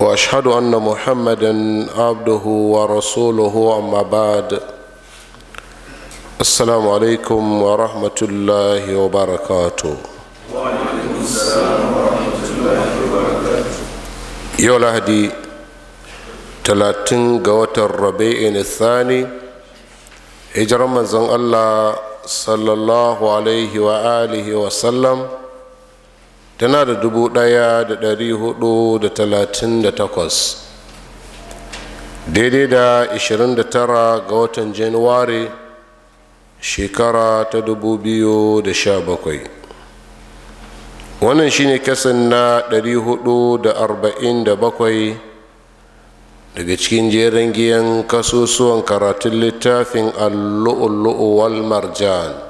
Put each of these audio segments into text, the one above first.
واشهد ان محمدا عبده ورسوله اما بعد السلام عليكم ورحمه الله وبركاته وعليكم السلام ورحمه الله وبركاته يا لهدي 30 ga watan rabi'in الثاني hijirar manzon Allah sallallahu alaihi wa alihi wa sallam tana da dubu ɗaya da dari hudu da talatin da takwas daidai da ishirin da tara ga watan januwari shekara ta dubu biyu da sha bakwai. wannan shine kasan na dari hudu da da arba'in bakwai daga cikin jerin giyan kasusuwan karatun littafin allu'ullu'u wal marjan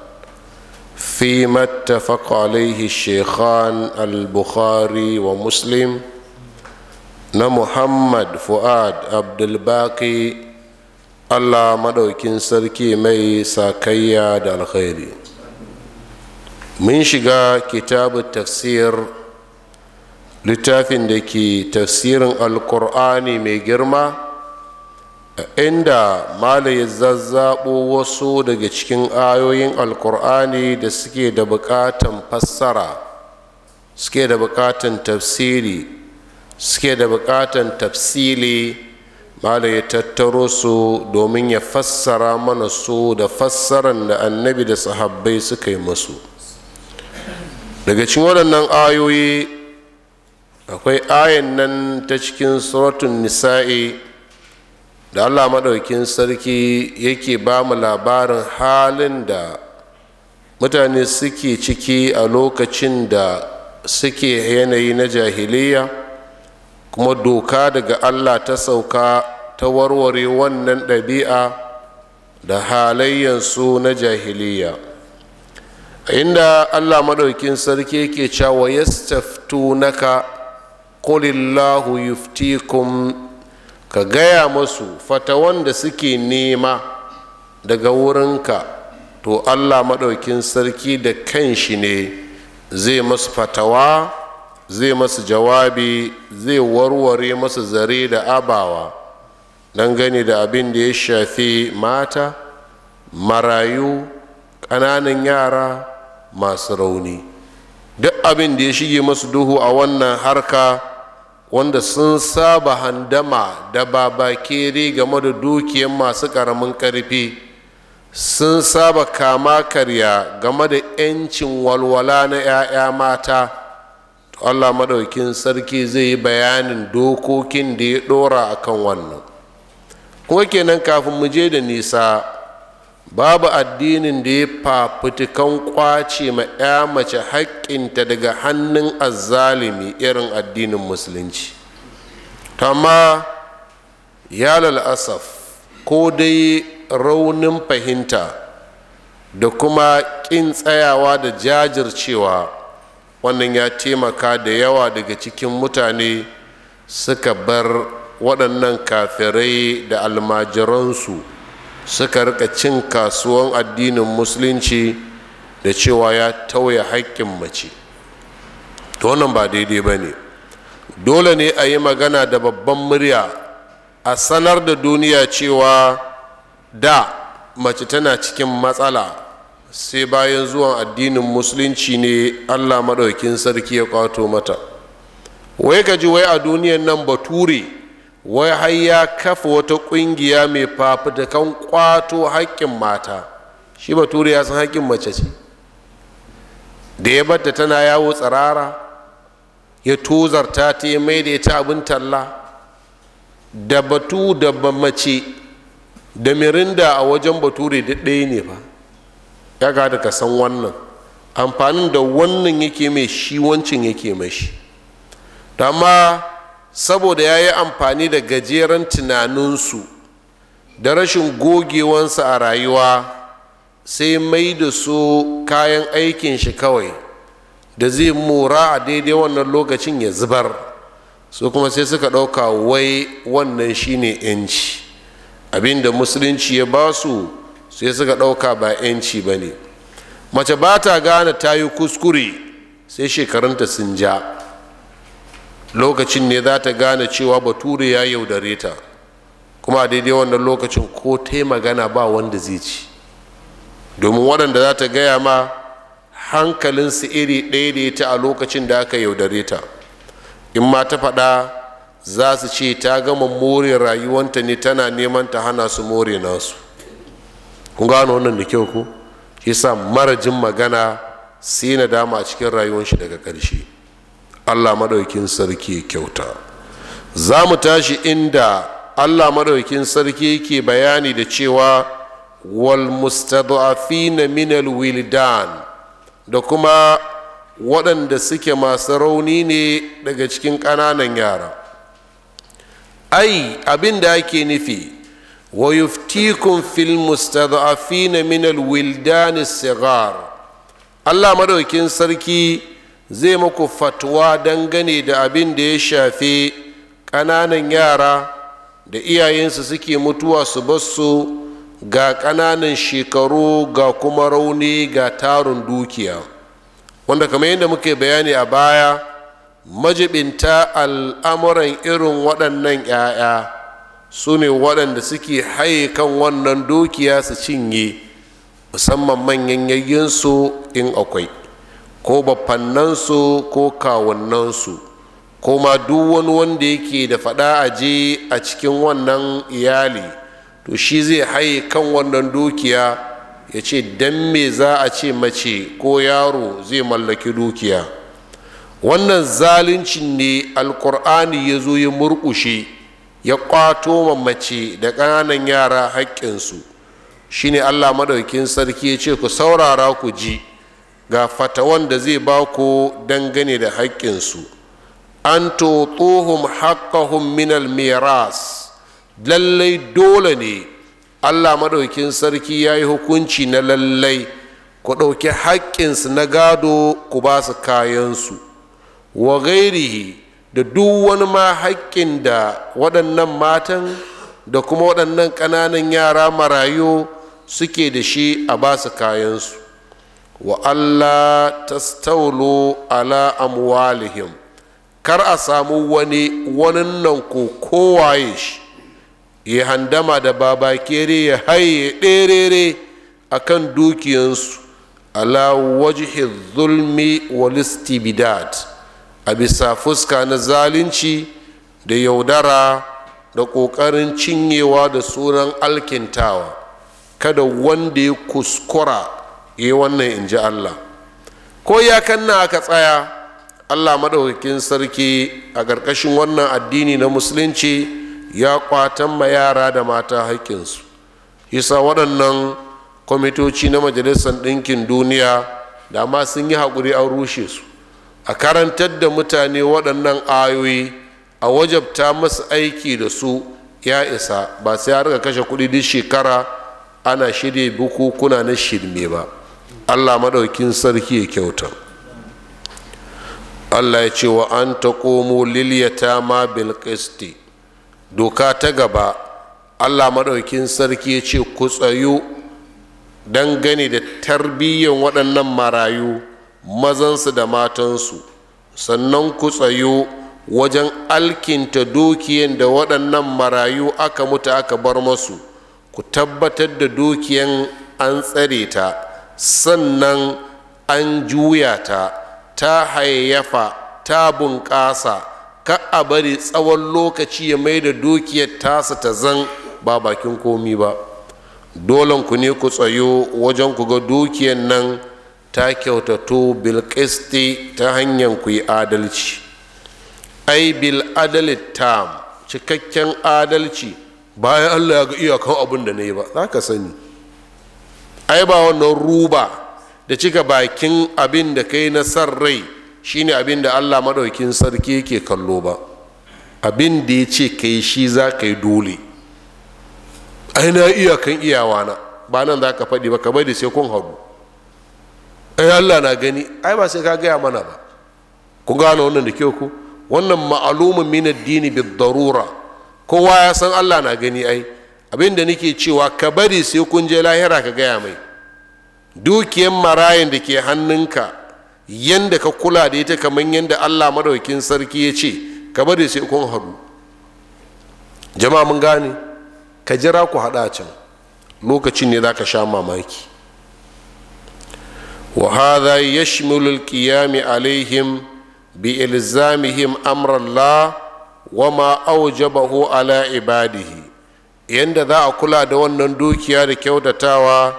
فيما اتفق عليه wa البخاري na Muhammad Fuad عبد الباقي allah maɗaukin sarki mai sakayya da alkhairi mun shiga kitabu tafsir littafin da ke tafsirin alkur'ani mai girma inda mala ya zazzaɓo wasu daga cikin ayoyin alkur'ani da suke da buƙatan fassara suke da buƙatan tafsiri suke da buƙatan tafsili mala ya tattaro su domin ya fassara mana su da fassaran da annabi da sahabbai suka yi masu daga cikin waɗannan ayoyi akwai ayan nan ta cikin suratun nisa'i da allah maɗaukin sarki yake ba mu labarin halin da mutane suke ciki a lokacin da suke yanayi na jahiliya kuma doka daga allah ta sauka ta warware wannan ɗabi'a da su na jahiliya inda allah maɗaukin sarki yake cewa yastaftunaka qulillahu yuftikum ka gaya masu fatawan da suke nema daga wurinka to allah maɗaukin sarki da kanshi ne zai masu fatawa zai masu jawabi zai warware masu zare da abawa don gani da abin da ya shafi mata marayu ƙananan yara masu rauni duk abin da ya shige masu duhu a wannan harka wanda sun saba handama da babakere game da dukiyar masu ƙaramin ƙarfi sun saba kama karya game da 'yancin walwala na 'ya'ya mata allah maɗaukin sarki zai yi bayanin dokokin da ya ɗora a kan wannan kuma kenan kafin mu je da nisa babu addinin da ya fafutukan kwace ma 'ya mace haƙƙinta daga hannun azzalimi irin addinin musulunci tamma ya asaf ko dai raunin fahimta da kuma ƙin tsayawa da jajircewa wannan ya taimaka da yawa daga cikin mutane suka bar waɗannan kafirai da almajiransu suka rika cin kasuwan addinin musulunci da cewa ya tauye haƙƙin mace to wannan ba daidai ba ne dole ne a yi magana da babban murya a sanar da duniya cewa da mace tana cikin matsala sai bayan zuwan addinin musulunci ne allah maɗaukin sarki ya kwato mata wai ka ji wai a duniyan nan bature wai har ya kafa wata ƙungiya mai fafutukan ƙwato haƙƙin mata shi bature ya san haƙƙin mace ce da ya bata tana yawo tsirara ya tozarta ta ya mai da ci abin talla da batu da mace da mirinda a wajen bature da ɗaya ne ba ya da ka san wannan amfanin da wannan yake mai shi wancin yake mai shi amma saboda ya yi amfani da gajeren tunaninsu da rashin gogewansa a rayuwa sai mai da su kayan aikin shi kawai da zai mora a daidai wannan lokacin ya zubar su kuma sai suka ɗauka wai wannan shine yanci abinda musulunci ya ba su sai suka ɗauka ba yanci ba ne mace ba ta gane ta yi kuskure sai shekarunta sun ja lokacin ne za ta gane cewa bature ya yaudare ta kuma a daidai wannan lokacin ko ta magana ba wanda zai ci domin waɗanda za ta gaya ma hankalinsu iri ɗaya da ta a lokacin da aka yaudare ta in ma ta faɗa za su ce ta gama more rayuwanta ne tana neman ta hana su more nasu kun gano wannan da kyau ko shi sa marajin magana sai na dama a cikin rayuwar shi daga ƙarshe allah maɗaukin sarki kyauta za mu tashi inda allah maɗaukin sarki ke bayani da cewa wal mustad'afina minal wildan da kuma waɗanda suke masu rauni ne daga cikin ƙananan yara ai abin da ake nufi wa yuftikum fil mustad'afina minal wildan sigar allah maɗaukin sarki zai muku fatwa dangane da abin da ya shafi ƙananan yara da iyayensu suke mutuwa su basu ga ƙananan shekaru ga kuma rauni ga tarin dukiya wanda kamar yadda muke bayani a baya majibinta al'amuran irin waɗannan 'ya'ya su ne waɗanda suke haye kan wannan dukiya su cinye musamman manyan yayyansu in akwai ko bafannansu ko kawunnansu ko ma duk wani wanda yake da fada a je a cikin wannan iyali to shi zai haye kan wannan dukiya ya ce don me za a ce mace ko yaro zai mallaki dukiya wannan zaluncin ne alkur'ani ya zo ya murkushe ya ƙwato mace da ƙananan yara haƙƙinsu shi ne allah maɗaukin sarki ya ce ku saurara ku ji ga fatawan da zai ba ku dangane da haƙƙinsu an tutuhum haƙƙahum minal miras lallai dole ne allah maɗaukin sarki ya yi hukunci na lallai ku ɗauki haƙƙinsu na gado ku ba su kayansu wa gairihi da duk wani ma haƙƙin da waɗannan matan da kuma waɗannan ƙananan yara marayu suke da shi a ba su kayansu wa Allah tastawlu ala amwalihim kar a samu wani wannan nan ko kowaye shi ya handama da babakere ya haye ɗerere a kan dukiyansu ala wajihi zulmi wal istibdad a bisa fuska na zalunci da yaudara da ƙoƙarin cinyewa da sunan alkintawa kada wanda ya kuskura yi eh, wannan in ji allah ko ya kanna aka tsaya allah maɗaukakin sarki a ƙarƙashin wannan addini na musulunci ya ƙwatan ma yara da mata haƙƙinsu isa waɗannan kwamitoci na majalisar ɗinkin duniya da ma sun yi haƙuri an rushe su a karantar da mutane waɗannan ayoyi a wajabta masu aiki da su ya isa ba sai a riga kashe kuɗi duk shekara ana shirya bukukuna na shirme ba allah maɗaukin sarki ya kyauta allah ya ce wa an ta komo liliyata ma bilkisti doka ta gaba allah maɗaukin sarki ya ce ku tsayu dangane da tarbiyyan waɗannan marayu mazansu da matansu sannan ku tsayo wajen alkinta dukiyan da waɗannan marayu aka mutu aka bar masu ku tabbatar da dukiyan an tsare ta sannan an juya ta ta hayyafa ta bunƙasa ka a bari tsawon lokaci ya mai da dukiyar tasa ta zan ba bakin komi ba dolan ku ne ku tsayo wajen ku ga dukiyar nan ta kyautato bilkisti ta hanyar ku yi adalci ai bil adalit tam cikakken adalci bayan allah ya ga iyakan abin da na yi ba za ka sani ai ba wannan ruba da cika bakin abin da kai na san rai shine abin da allah maɗaukin sarki yake kallo ba abin da ya ce ka yi shi za ka yi dole ai na iyakan iyawana ba nan za ka faɗi ba ka bai da sai kun haɗu ai allah na gani ai ba sai ka gaya mana ba ku gane wannan da kyau ku wannan ma'alumin min addini bi darura kowa ya san allah na gani ai abin da nake cewa ka bari sai kun je lahira ka gaya mai dukiyar marayan da ke hannunka yadda ka kula da ita kamar yadda allah madaukin sarki ya ce ka bari sai kun haɗu jama'a mun gane ka jira ku haɗa can lokacin ne za ka sha mamaki وهذا يشمل alaihim bi ilzamihim أمر wa وما أوجبه ala ibadihi yadda za a kula da wannan dukiya da kyautatawa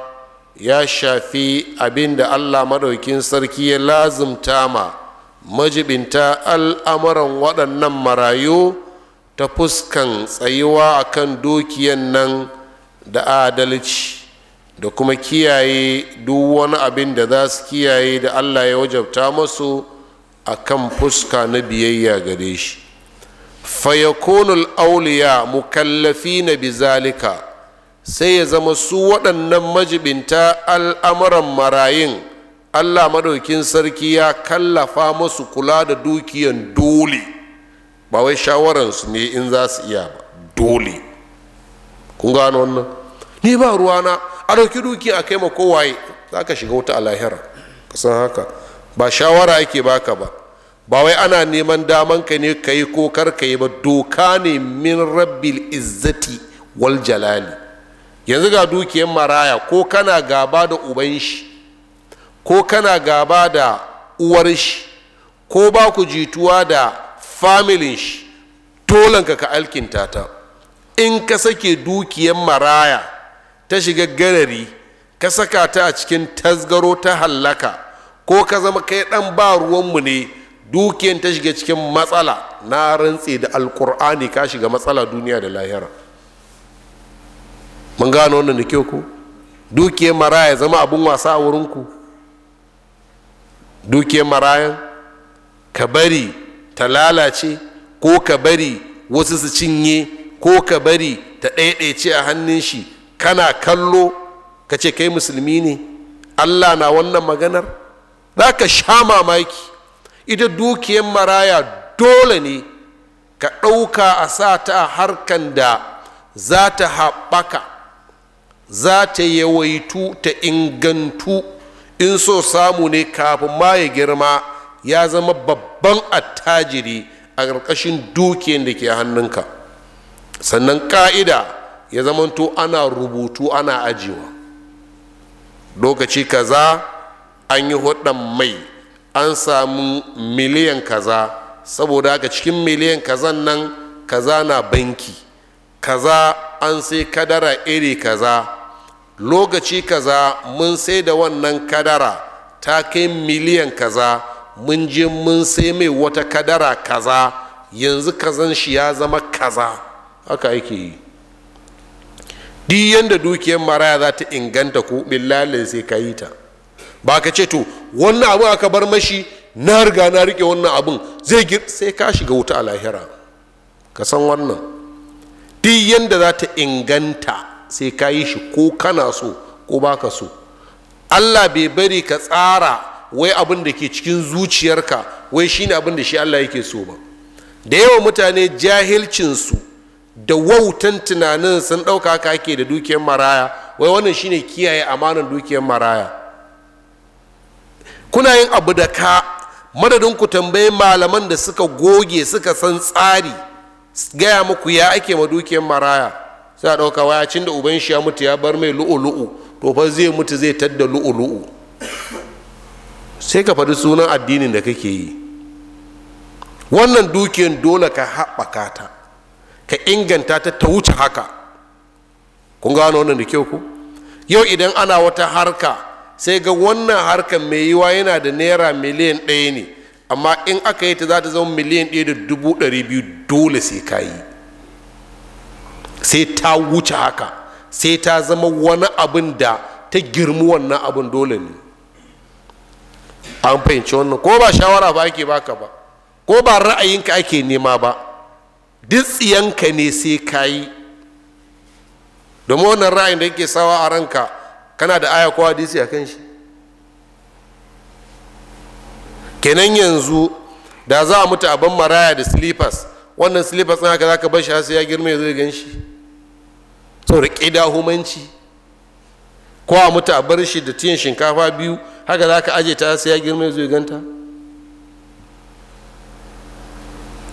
ya shafi abin da allah maɗaukin sarki ya lazumta ma majibinta al'amuran waɗannan marayu ta fuskan tsayuwa akan dukiyan nan da adalci da kuma kiyaye duk wani abin da za su kiyaye da allah ya wajabta masu a kan fuska na biyayya gare shi fayakonul auliya mukallafi na bizalika sai ya zama su waɗannan majibinta al'amuran marayin allah maɗaukin sarki ya kallafa masu kula da dukiyan dole ba wai shawararsu ne in za su iya ba dole kun gano wannan ni ba ruwana a ɗauki dukiya a kai ma kowaye za ka shiga wuta a lahira ka san haka ba shawara ake baka ba ba wai ana neman daman ka ne ka yi ko kar ka yi ba doka ne min rabbil izzati wal jalali yanzu ga dukiyar maraya ko kana gaba da uban shi ko kana gaba da uwar shi ko ba ku jituwa da familin shi tolanka ka alkinta ta in ka sake dukiyar maraya ta shiga garari ka saka ta a cikin tasgaro ta hallaka ko ka zama kai dan ba ruwanmu ne dukiyar ta shiga cikin matsala na rantse da alkur'ani ka shiga matsala duniya da lahira mun gano wannan da kyau ku dukiyar maraya zama abin wasa a wurinku dukiyar marayan ka bari ta lalace ko ka bari wasu su cinye ko ka bari ta ɗaiɗaice a hannun shi kana kallo ka ce kai musulmi ne allah na wannan maganar za ka sha mamaki ita dukiyar maraya dole ne ka ɗauka a sa ta a harkan da za ta haɓaka za ta yawaitu ta ingantu in so samu ne kafin ma ya girma ya zama babban attajiri a ƙarƙashin dukiyar da ke hannunka sannan ƙa'ida ya zamanto ana rubutu ana ajiwa lokaci kaza an yi hudan mai an samu miliyan kaza saboda haka cikin miliyan kazan nan kaza na banki kaza an sai kadara iri kaza lokaci kaza mun sai da wannan kadara ta kai miliyan kaza mun je mun sai mai wata kadara kaza yanzu kazan shi ya zama kaza haka yake yi duk yadda dukiyar maraya za ta inganta ko billalin sai ka yi ta ba ka ce to wannan abin aka bar mashi na riga na rike wannan abin zai gir sai ka shiga wuta a lahira ka san wannan duk yadda za ta inganta sai ka yi shi ko kana so ko ba ka so allah bai bari ka tsara wai abin da ke cikin zuciyarka wai shine abin da shi allah yake so ba da yawan mutane jahilcinsu da wautan tunanin sun ɗauka ka ke da dukiyar maraya wai wannan shine kiyaye amanar dukiyar maraya kuna yin abu da ka madadin ku tambayi malaman da suka goge suka san tsari gaya muku ya ake ma dukiyar maraya sai a ɗauka wayacin da uban shi ya mutu ya bar mai lu'ulu'u to fa zai mutu zai tadda lu'ulu'u sai ka faɗi sunan addinin da kake yi wannan dukiyar dole ka haɓaka ta ka inganta ta ta wuce haka kun gano wannan da kyau ku yau idan ana wata harka sai ga wannan harkar mai yiwa yana da naira miliyan ɗaya ne amma in aka yi ta za ta zama miliyan ɗaya da dubu ɗari biyu dole sai ka yi sai ta wuce haka sai ta zama wani abin da ta girmu wannan abin dole ne an fahimci wannan ko ba shawara ba ake baka ba ko ba ra'ayinka ake nema ba dutsiyanka ne sai ka yi domin wannan ra'ayin da yake sawa a ranka kana da aya ko hadisi a kan shi kenan yanzu da za a mutu a ban maraya da slippers wannan slippers ɗin haka za ka bashi sai ya girma ya gan shi saboda ƙida humanci ko a mutu a bar shi da tiyan shinkafa biyu haka za ka aje ta sai ya girma ya ganta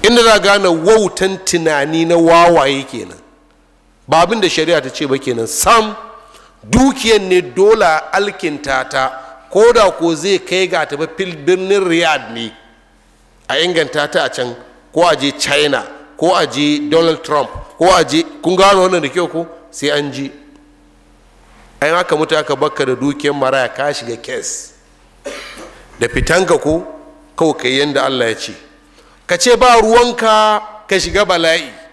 inda za gane wautan tunani na wawaye kenan ba abin da shari'a ta ce ba kenan sam dukiyar ne dola alkinta ta ko da ko zai kai ga ta fil birnin riyad ne a inganta ta a can ko a je china ko a je donald trump ko a je kun gano wannan da kyau ko sai an ji ai haka mutu aka bakka da dukiyar maraya ka shiga kes da fitanka ko kawai yadda allah ya ce ka ce ba ruwanka ka shiga bala'i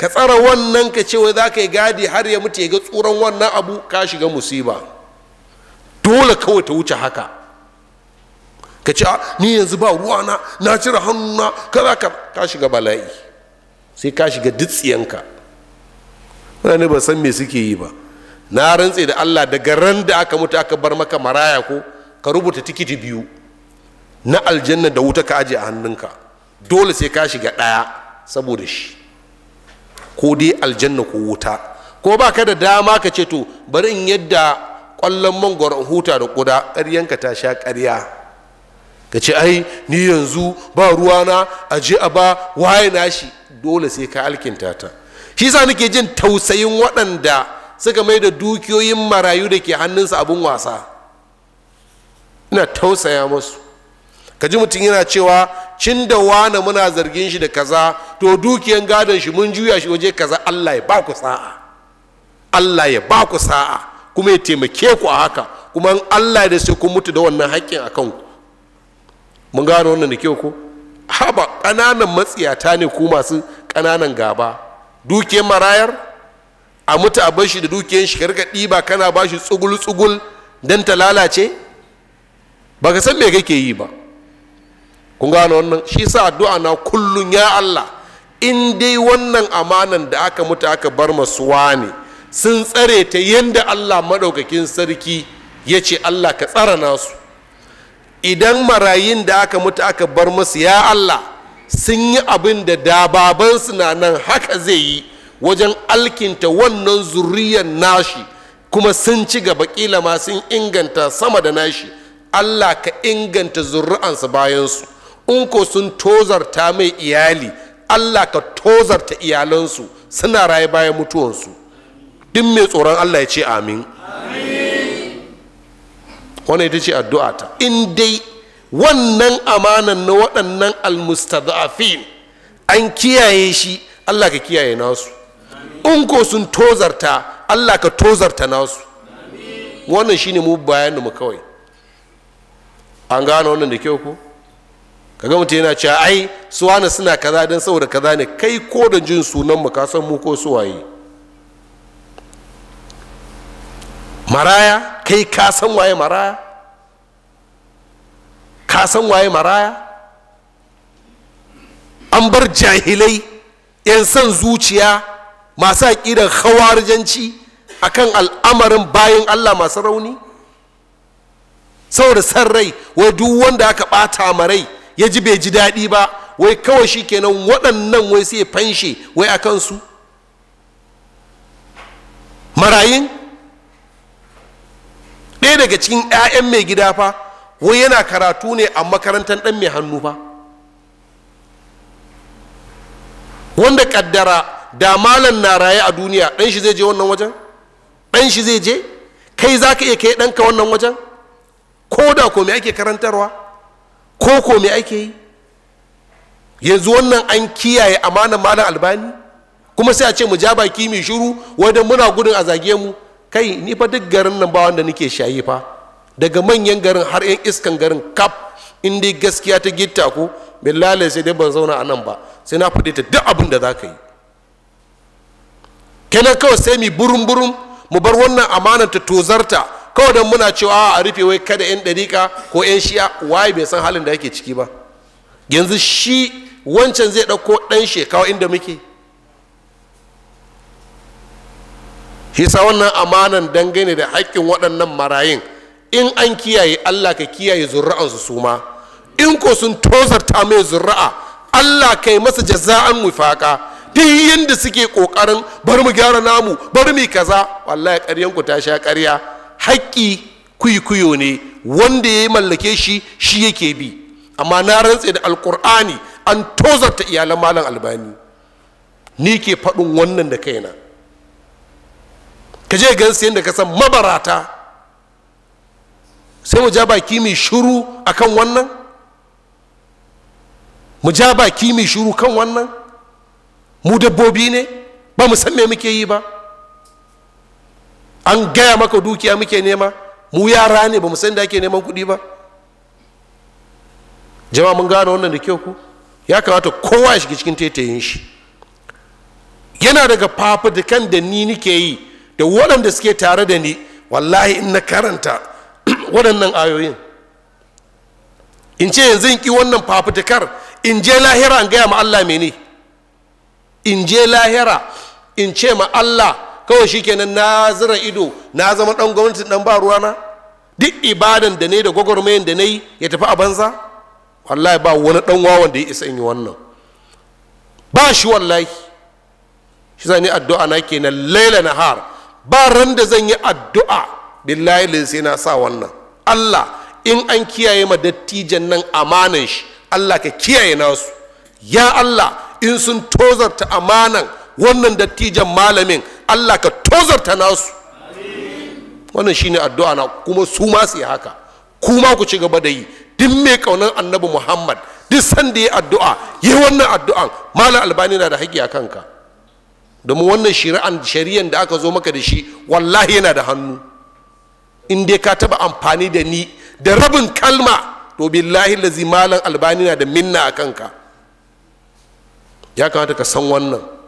ka tsara wannan ka ce wai za ka yi gadi har ya mutu ya ga tsoron wannan abu ka shiga musiba dole kawai ta wuce haka ka ce ni yanzu ba ruwa na cire hannuna kaza ka ka shiga bala'i sai ka shiga dutsiyanka mutane ba san me suke yi ba na rantse da allah daga ran da aka mutu aka bar maka maraya ko ka rubuta tikiti biyu na aljanna da wuta ka aje a hannunka dole sai ka shiga ɗaya saboda shi ko dai aljanna ko wuta ko ba ka da dama ka ce to bari in yadda kwallon mangwaron huta da ƙuda ƙaryanka ta sha ƙarya ka ce ai ni yanzu ba ruwana a je a ba waye na shi dole sai ka alkinta ta shi sa nake jin tausayin waɗanda suka mai da dukiyoyin marayu da ke hannunsa abin wasa ina tausaya masu ka ji mutum yana cewa cin da wane muna zargin shi da kaza to dukiyan gadon shi mun juya shi waje kaza allah ya ba ku sa'a allah ya ba ku sa'a kuma ya taimake ku a haka kuma allah da sai kun mutu da wannan haƙƙin a kanku mun gano wannan da kyau ko haba ƙananan matsiyata ne ku masu ƙananan gaba dukiyar marayar a mutu a bashi da dukiyan shi karka ɗiba kana bashi tsugul tsugul don ta lalace ba ka san me kake yi ba kun gano wannan shi sa addu'a na kullun ya Allah in dai wannan amanan da aka mutu aka bar masuwa ne sun tsare ta yadda Allah maɗaukakin sarki ya ce Allah ka tsara nasu idan marayun da aka mutu aka bar masu ya Allah sun yi abin da dababansu na nan haka zai yi wajen alkinta wannan zuriyar nashi kuma sun ci gaba kila ma sun inganta sama da nashi allah ka inganta zuri'ansa bayansu in ko sun tozarta mai iyali allah ka tozarta iyalansu suna raye bayan mutuwansu duk mai tsoron allah ya ce amin wannan ita ce addu'a ta in dai wannan amanan na waɗannan almustadafin an kiyaye shi allah ka kiyaye nasu in ko sun tozarta allah ka tozarta nasu wannan shine mu bayanin mu kawai an gane wannan da kyau ko kaga mutum yana cewa ai su wani suna kaza don saboda kaza ne kai ko da jin sunan mu ka san mu ko suwaye maraya kai ka san waye maraya ka san waye maraya an bar jahilai 'yan san zuciya masu aƙidar hawarjanci akan al'amarin bayan allah masu rauni saboda san rai wa duk wanda aka ɓata marai rai ya ji bai ji daɗi ba wai kawai shi kenan waɗannan wai sai fanshe wai a kansu marayin ɗaya daga cikin 'ya'yan mai gida fa wai yana karatu ne a makarantar ɗan mai hannu fa wanda kaddara da malam na raye a duniya ɗan shi zai je wannan wajen ɗan shi zai je kai za ka iya kai ɗanka wannan wajen ko da ko me ake karantarwa ko ko me ake yi yanzu wannan an kiyaye amanan malam albani kuma sai a ce mu ja baki mai shiru wadda muna gudun a zage mu kai ni fa duk garin nan ba wanda nake shaye fa daga manyan garin har yan iskan garin kap in dai gaskiya ta gitta ko billahi sai dai ban zauna a nan ba sai na fadi ta duk abin da za ka yi kenan kawai sai mu burum burum mu bar wannan amana ta tozarta kawai don muna cewa a rufe wai kada 'yan ɗariƙa ko 'yan shi'a waye bai san halin da ake ciki ba yanzu shi wancan zai ɗauko ɗan shekawa inda muke Hisa wannan amanan dangane da haƙƙin waɗannan marayin. in an kiyaye allah ka kiyaye zurra'ansu su ma in ko sun tozarta mai zurra'a allah kai masa jaza'an mufaka duk yadda suke ƙoƙarin bari mu gyara namu bari mu kaza wallahi ƙaryanku ta sha ƙarya haƙƙi kuyikuyo ne wanda ya mallake shi shi yake bi amma na rantse da alƙur'ani an tozarta iyalan malam albani ni ke faɗin wannan da kaina ka je gan siyan da ka san mabarata sai mu ja baki mai shuru akan wannan mu ja baki mai shuru kan wannan mu dabbobi ne ba mu san me muke yi ba an gaya maka dukiya muke nema mu yara ne ba mu san da ake neman kuɗi ba jama'a mun gane wannan da kyau ku ya kamata kowa ya shiga cikin taitayin shi yana daga fafutukan da ni nike yi da waɗanda suke tare da ni wallahi in na karanta waɗannan ayoyin in ce yanzu in ƙi wannan fafutukar in je lahira in gaya ma allah mene in je lahira in ce ma allah kawai shikenan na zira ido na zama dan gwamnati dan ba na duk ibadan da ne da gwagwarmayin da nayi ya tafi a banza wallahi ba wani dan wawan da ya isa in yi wannan ba shi wallahi shi yi addu'a na kenan laila har ba ran da zan yi addu'a billahi sai na sa wannan Allah in an kiyaye ma dattijan nan amanan shi Allah ka kiyaye nasu ya Allah in sun tozarta amanan wannan dattijan malamin allah ka tozarta nasu wannan shine addu'a na kuma su ma su yi haka kuma ku ci gaba da yi duk mai kaunar annabi muhammad duk sanda ya addu'a yi wannan addu'an malam albani na da haƙƙi a kanka domin wannan shari'an shari'an da aka zo maka da shi wallahi yana da hannu in dai ka taɓa amfani da ni da rabin kalma to billahi lazi malam albani na da minna a kanka ya kamata ka san wannan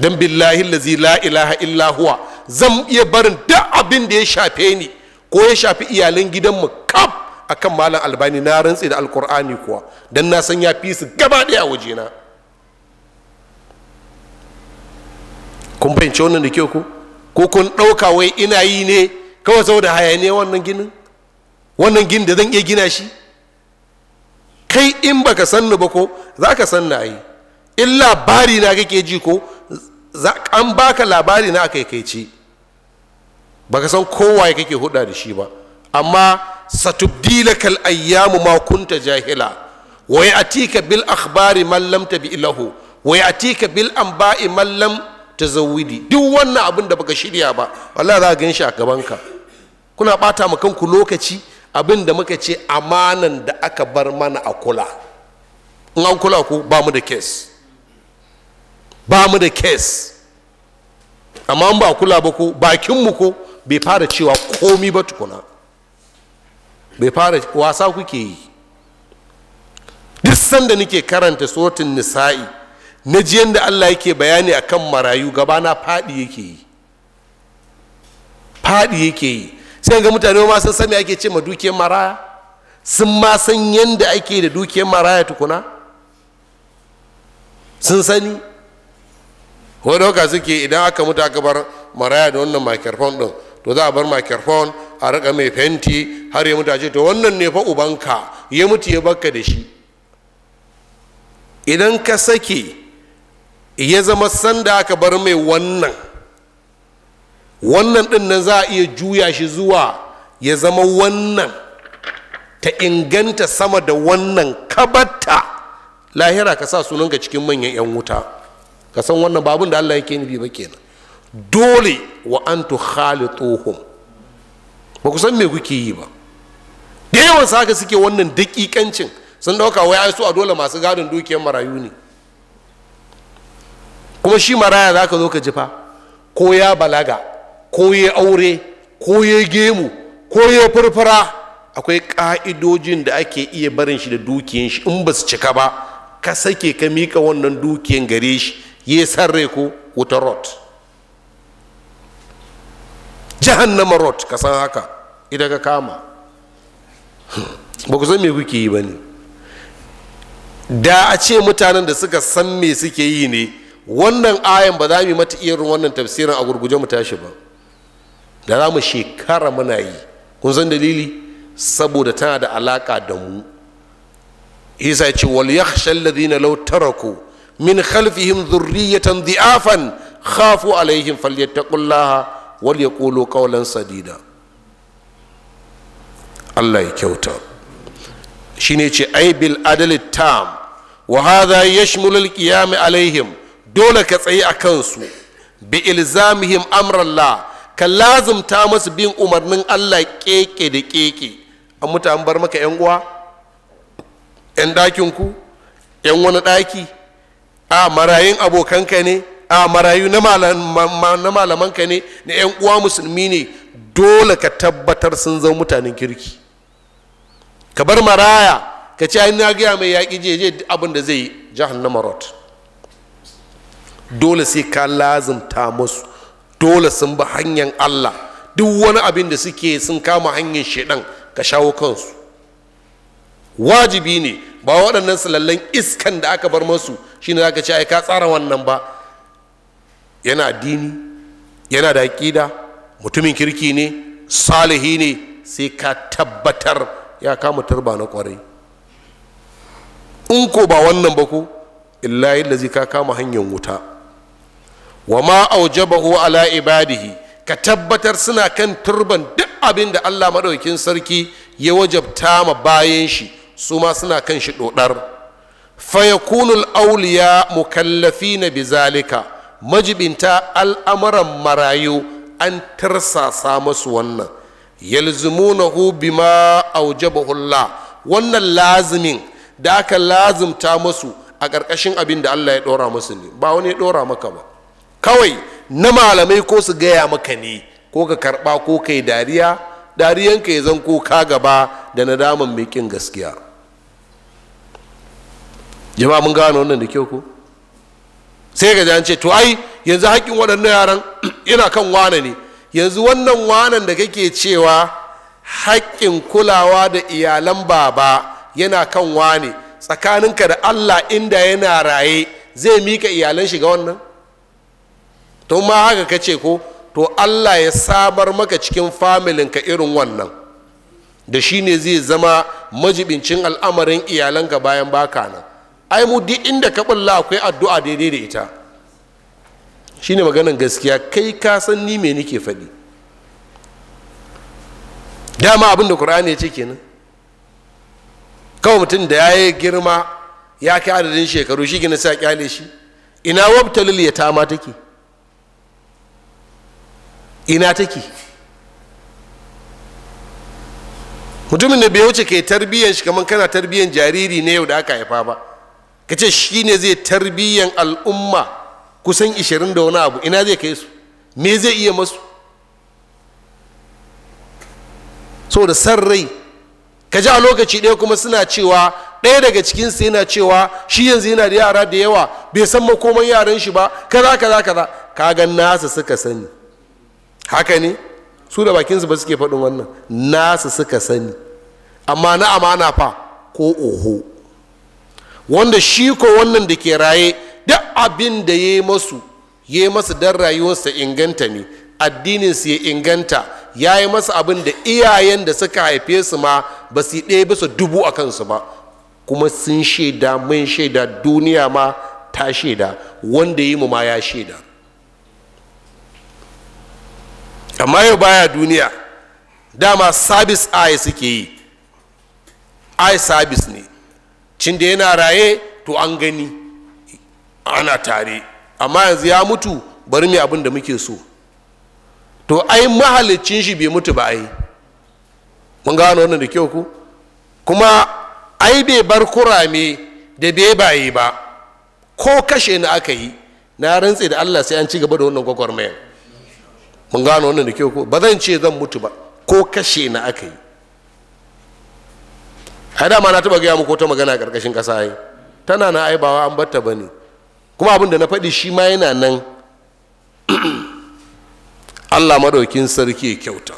dan billahi lazi la ilaha illa huwa zan iya barin duk abin da ya shafe ni ko ya shafi iyalan gidanmu kaf akan malam albani na rantse da alkur'ani kuwa dan na san ya fi su gaba daya a wajena kun fahimci wannan da ke ku ko kun ɗauka wai ina yi ne kawai saboda hayaniya wannan ginin wannan ginin da zan iya gina shi kai in baka ni ba ko za ka sanna yi illa labari na kake ji ko Za an baka labari na aka ba baka san kowaye kake hudu da shi ba amma satubdila kal ayyamu ma kunta jahila wa ya'tika bil akhbari man lam tabi ilahu wa ya'tika bil anba'i man lam tazawwidi duk wannan abin da baka shirya ba wallahi za ka gan shi a gaban ka kuna bata ma kanku lokaci abin da muka ce amanan da aka bar mana a kula in an kula ku ba mu da kes ba mu da kes amma ba kula ba ko bakinmu ko bai fara cewa komi ba tukuna bai fara wasa kuke yi duk sanda nake karanta sotin nisa'i na ji yadda allah yake bayani akan marayu gabana faɗi yake yi faɗi yake yi sai ga mutane ma sun sami ake ce ma dukiyar maraya sun ma san yadda ake da dukiyar maraya tukuna sun sani ko da dauka suke idan aka mutu aka bar maraya da wannan microphone din to za a bar microphone a riƙa mai fenti har ya mutu a ce to wannan ne fa ubanka ya mutu ya bakka da shi idan ka sake ya zama sanda aka bar mai wannan wannan din nan za a iya juya shi zuwa ya zama wannan ta inganta sama da wannan kabatta lahira ka sa sunanka cikin manyan 'yan wuta ka san wannan babun da Allah yake nufi ba kenan dole wa antu khalituhum ba ku san me kuke yi ba da yawan saka suke wannan dakikancin sun dauka wai ai su a dole masu gadin dukiyar marayu ne kuma shi maraya zaka zo ka jifa ko ya balaga ko ya aure ko ya gemu ko ya furfura akwai ka'idojin da ake iya barin shi da dukiyar shi in ba su cika ba ka sake ka mika wannan dukiyan gare shi yi sarre ku wuta rot jahannama rot ka san haka idan ka kama ba ku san me kuke yi ba ne da a ce mutanen da suka san me suke yi ne wannan ayan ba za mu mata irin wannan tafsirin a gurguje mu tashi ba da za mu shekara muna yi kun san dalili saboda tana da alaka da mu isa ce wal yakhsha alladhina law taraku min khalfihim dhurriyatan dhi'afan khafu alaihim falyattaqullaha wal yaqulu qawlan sadida Allah ya kyauta shine ce ai bil adali tam wa hadha yashmul al qiyam alaihim dole ka tsayi a kansu bi ilzamihim amrallah ka lazumta masu bin umarnin Allah keke da keke an mutu an bar maka yan uwa yan dakin ku yan wani daki a marayun abokanka ne a marayu na malaman ka ne na 'yan uwa musulmi ne dole ka tabbatar sun zama mutanen kirki ka bar maraya ka ce ai na gaya mai yaƙi jeje abin da zai yi jahannama rot dole sai ka lazimta musu dole sun bi hanyar allah duk wani abin da suke sun kama hanyar shaidan ka shawo kansu wajibi ne ba waɗannan salallan iskan da aka bar masu shine zaka ce ai ka tsara wannan ba yana addini yana da aqida mutumin kirki ne salihi ne sai ka tabbatar ya kama turba na kwarai in ko ba wannan ba ko illahi lazi ka kama hanyar wuta wa ma aujabahu ala ibadihi ka tabbatar suna kan turban duk abin da allah maɗaukin sarki ya wajabta ma bayan shi su ma suna kan shi ɗoɗar fayakunul auliya mukallafi na bizalika majibinta al'amuran marayu an tarsasa masu wannan yalzumunahu bima aujabahullah wannan lazimin da aka lazimta masu a ƙarƙashin abin da Allah ya ɗora masu ne ba wani ya ɗora maka ba kawai na malamai ko su gaya maka ne ko ka karɓa ko kai dariya dariyanka ya zan ko ka gaba da nadaman mai ƙin gaskiya jama'a mun gane wannan da kyau ko sai ga to ai yanzu haƙƙin waɗannan yaran ina kan wane ne yanzu wannan wanan da kake cewa haƙƙin kulawa da iyalan baba yana kan wane tsakaninka da allah inda yana raye zai mika iyalan shiga wannan to ma haka ka ce ko to allah ya sabar maka cikin ka irin wannan da shi ne zai zama majibincin al'amarin iyalanka bayan baka nan ai mu duk inda ka bulla akwai addu'a daidai da ita shine maganan gaskiya kai ka san ni me nake faɗi dama abin da qur'ani ya ce kenan kawai mutum da ya yi girma ya kai adadin shekaru shi gina sa kyale shi ina wabtalil ya tama take ina take mutumin da bai wuce kai tarbiyyar shi kamar kana tarbiyyar jariri ne yau da aka haifa ba ka ce shi ne zai tarbiyyan al'umma kusan ishirin da wani abu ina zai kai su me zai iya masu so da san rai ka ji a lokaci ɗaya kuma suna cewa ɗaya daga cikinsu yana cewa shi yanzu yana da yara da yawa bai san makoman yaran shi ba kaza kaza kaza kaga nasa suka sani haka ne su da bakinsu ba suke faɗin wannan nasa suka sani amma na amana fa ko oho wanda shi ko wannan da ke raye duk abin da ya yi masu ya yi masu don rayuwarsa inganta ne addininsu ya inganta ya yi masa abin da iyayen da suka haife su ma ba su ɗaya bisa dubu a kansu ba kuma sun shaida mun shaida duniya ma ta shaida wanda yi mu ma ya shaida amma yau baya duniya dama sabis eye suke yi eye sabis ne cin da yana raye to an gani ana tare amma yanzu ya mutu bari mai abin da muke so to ai mahalicin shi bai mutu ba ai mun gano wannan da kyau ku kuma ai bai bar kurame da bai baye ba ko kashe na aka yi na rantse da allah sai an ci gaba da wannan gwagwarmayar mun gano wannan da kyau ku ba zan ce zan mutu ba ko kashe na aka yi ha dama na taɓa gaya muku wata magana ƙarƙashin ƙasa ai tana na aibawa an batta ba kuma abin da na faɗi shi ma yana nan allah maɗaukin sarki kyauta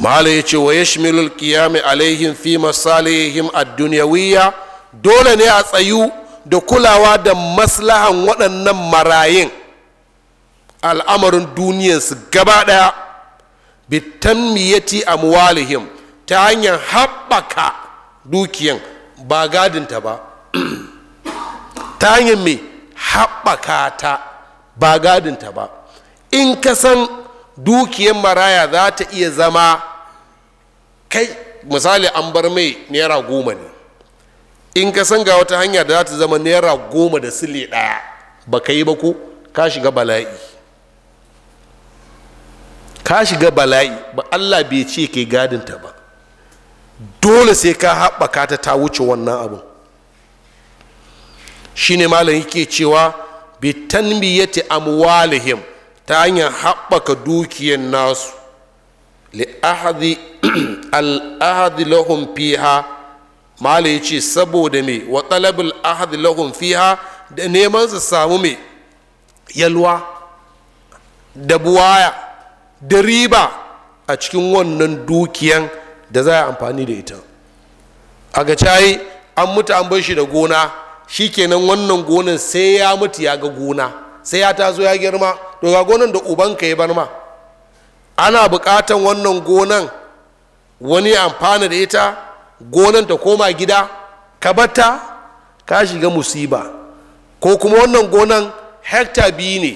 mala ya ce wa ya shimilul kiyami alaihim fi masalihim ad dunyawiyya dole ne a tsayu da kulawa da maslahan waɗannan marayin al'amarin duniyarsu gaba ɗaya bitan miyati amwalihim ta hanyar haɓaka dukiyan ba gadinta ba ta hanyar mai haɓaka ta ba gadinta ba in ka san dukiyan maraya za ta iya zama kai misali an bar mai naira goma ne in ka san ga wata hanya da za ta zama naira goma da sile ɗaya ba ka yi ba ko ka shiga bala'i ka shiga bala'i ba allah bai ce kai gadinta ba dole sai ka haɓaka ta ta wuce wannan abu. shine malam yake cewa bi tanbiyati amwalihim ta hanyar haɓaka dukiyar nasu li'ahadi al'ahadi lahum fiha malam ya ce saboda me wa talabul ahadi lahum fiha da neman su samu me yalwa da buwaya da riba a cikin wannan dukiyan da za a amfani da ita a ga cayi an mutu an bar shi da gona shi kenan wannan gonan sai ya mutu ya ga gona sai ya tazo ya girma to ga gonan da ubanka ya bar ma ana buƙatan wannan gonan wani amfana da ita gonan ta koma gida ka bata ka shiga musiba ko kuma wannan gonan hekta biyu ne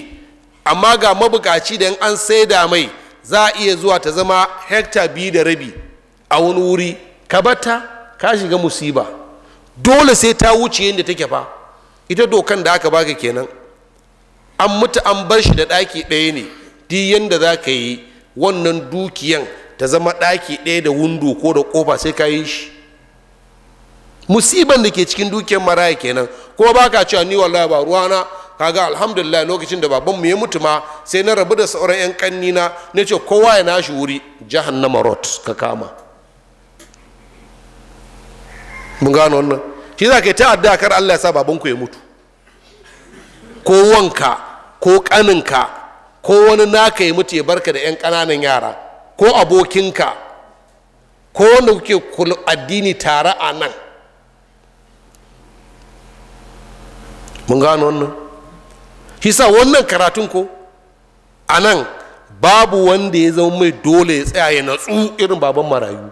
amma ga mabukaci da an saida mai za a iya zuwa ta zama hekta biyu da rabi a wani wuri ka bata ka shiga musiba dole sai ta wuce yadda take fa ita dokan da aka baka kenan an mutu an bar shi da ɗaki ɗaya ne di yadda za ka yi wannan dukiyan ta zama ɗaki ɗaya da wundo ko da ƙofa sai ka yi shi musiban da ke cikin dukiyar maraya kenan ko ba ka cewa ni wallahi ba ruwana kaga alhamdulillah lokacin da baban mu ya mutu ma sai na rabu da sauran yan kanni na ce kowa ya nashi wuri jahannama rot ka kama mun gano wannan shi za ka yi ta'adda kar allah ya sa babanku ya mutu ko wanka ko kaninka ko wani naka ya mutu ya barka da 'yan ƙananan yara ko abokinka ko wanda kuke kula addini tare a nan mun gano wannan shi sa wannan karatun ko a nan babu wanda ya zama mai dole ya tsaya ya natsu irin baban marayu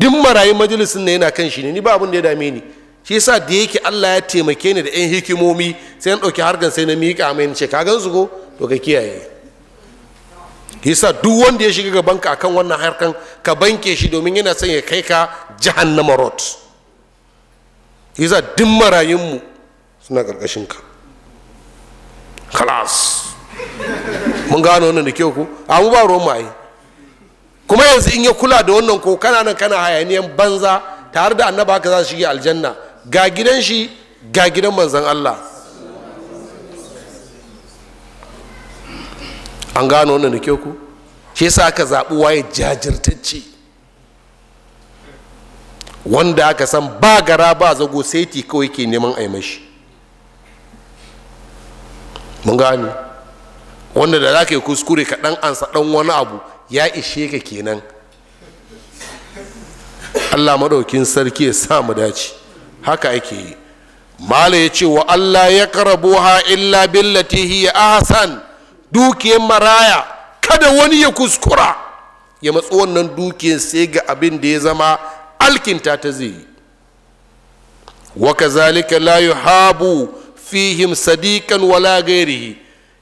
duk marayin majalisin na yana kan shi ne ni ba abin da ya dame ni shi yasa da yake Allah ya taimake ni da 'yan hikimomi sai na ɗauki harkan sai na miƙa mai ce ka gan su ko to ka kiyaye yasa duk wanda ya shiga gabanka akan wannan harkan ka banke shi domin yana son ya kai ka jahannama rot yasa duk marayunmu suna ƙarƙashin ka kalas mun gano wannan da kyau ku abu ba ruwan ai kuma yanzu in ya kula da wannan ko kana nan kana hayaniyan banza tare da annaba haka za su shige aljanna ga gidan shi ga gidan manzan Allah an gano wannan da ke ku shi yasa aka zaɓi waye jajirtacce wanda aka san ba gara ba zago ti kawai ke neman aimashi mun gane wanda da za ka yi kuskure ka ɗan ansa ɗan wani abu ya ishe ka kenan allah maɗaukin sarki ya sa mu dace haka ake yi mala ya ce wa allah ya karabo ha illa billati hiya ahsan dukiyar maraya kada wani ya kuskura ya matsu wannan dukiyar sai ga abin da ya zama alkinta ta zai yi wa kazalika la yuhabu fihim sadiqan wala ghairihi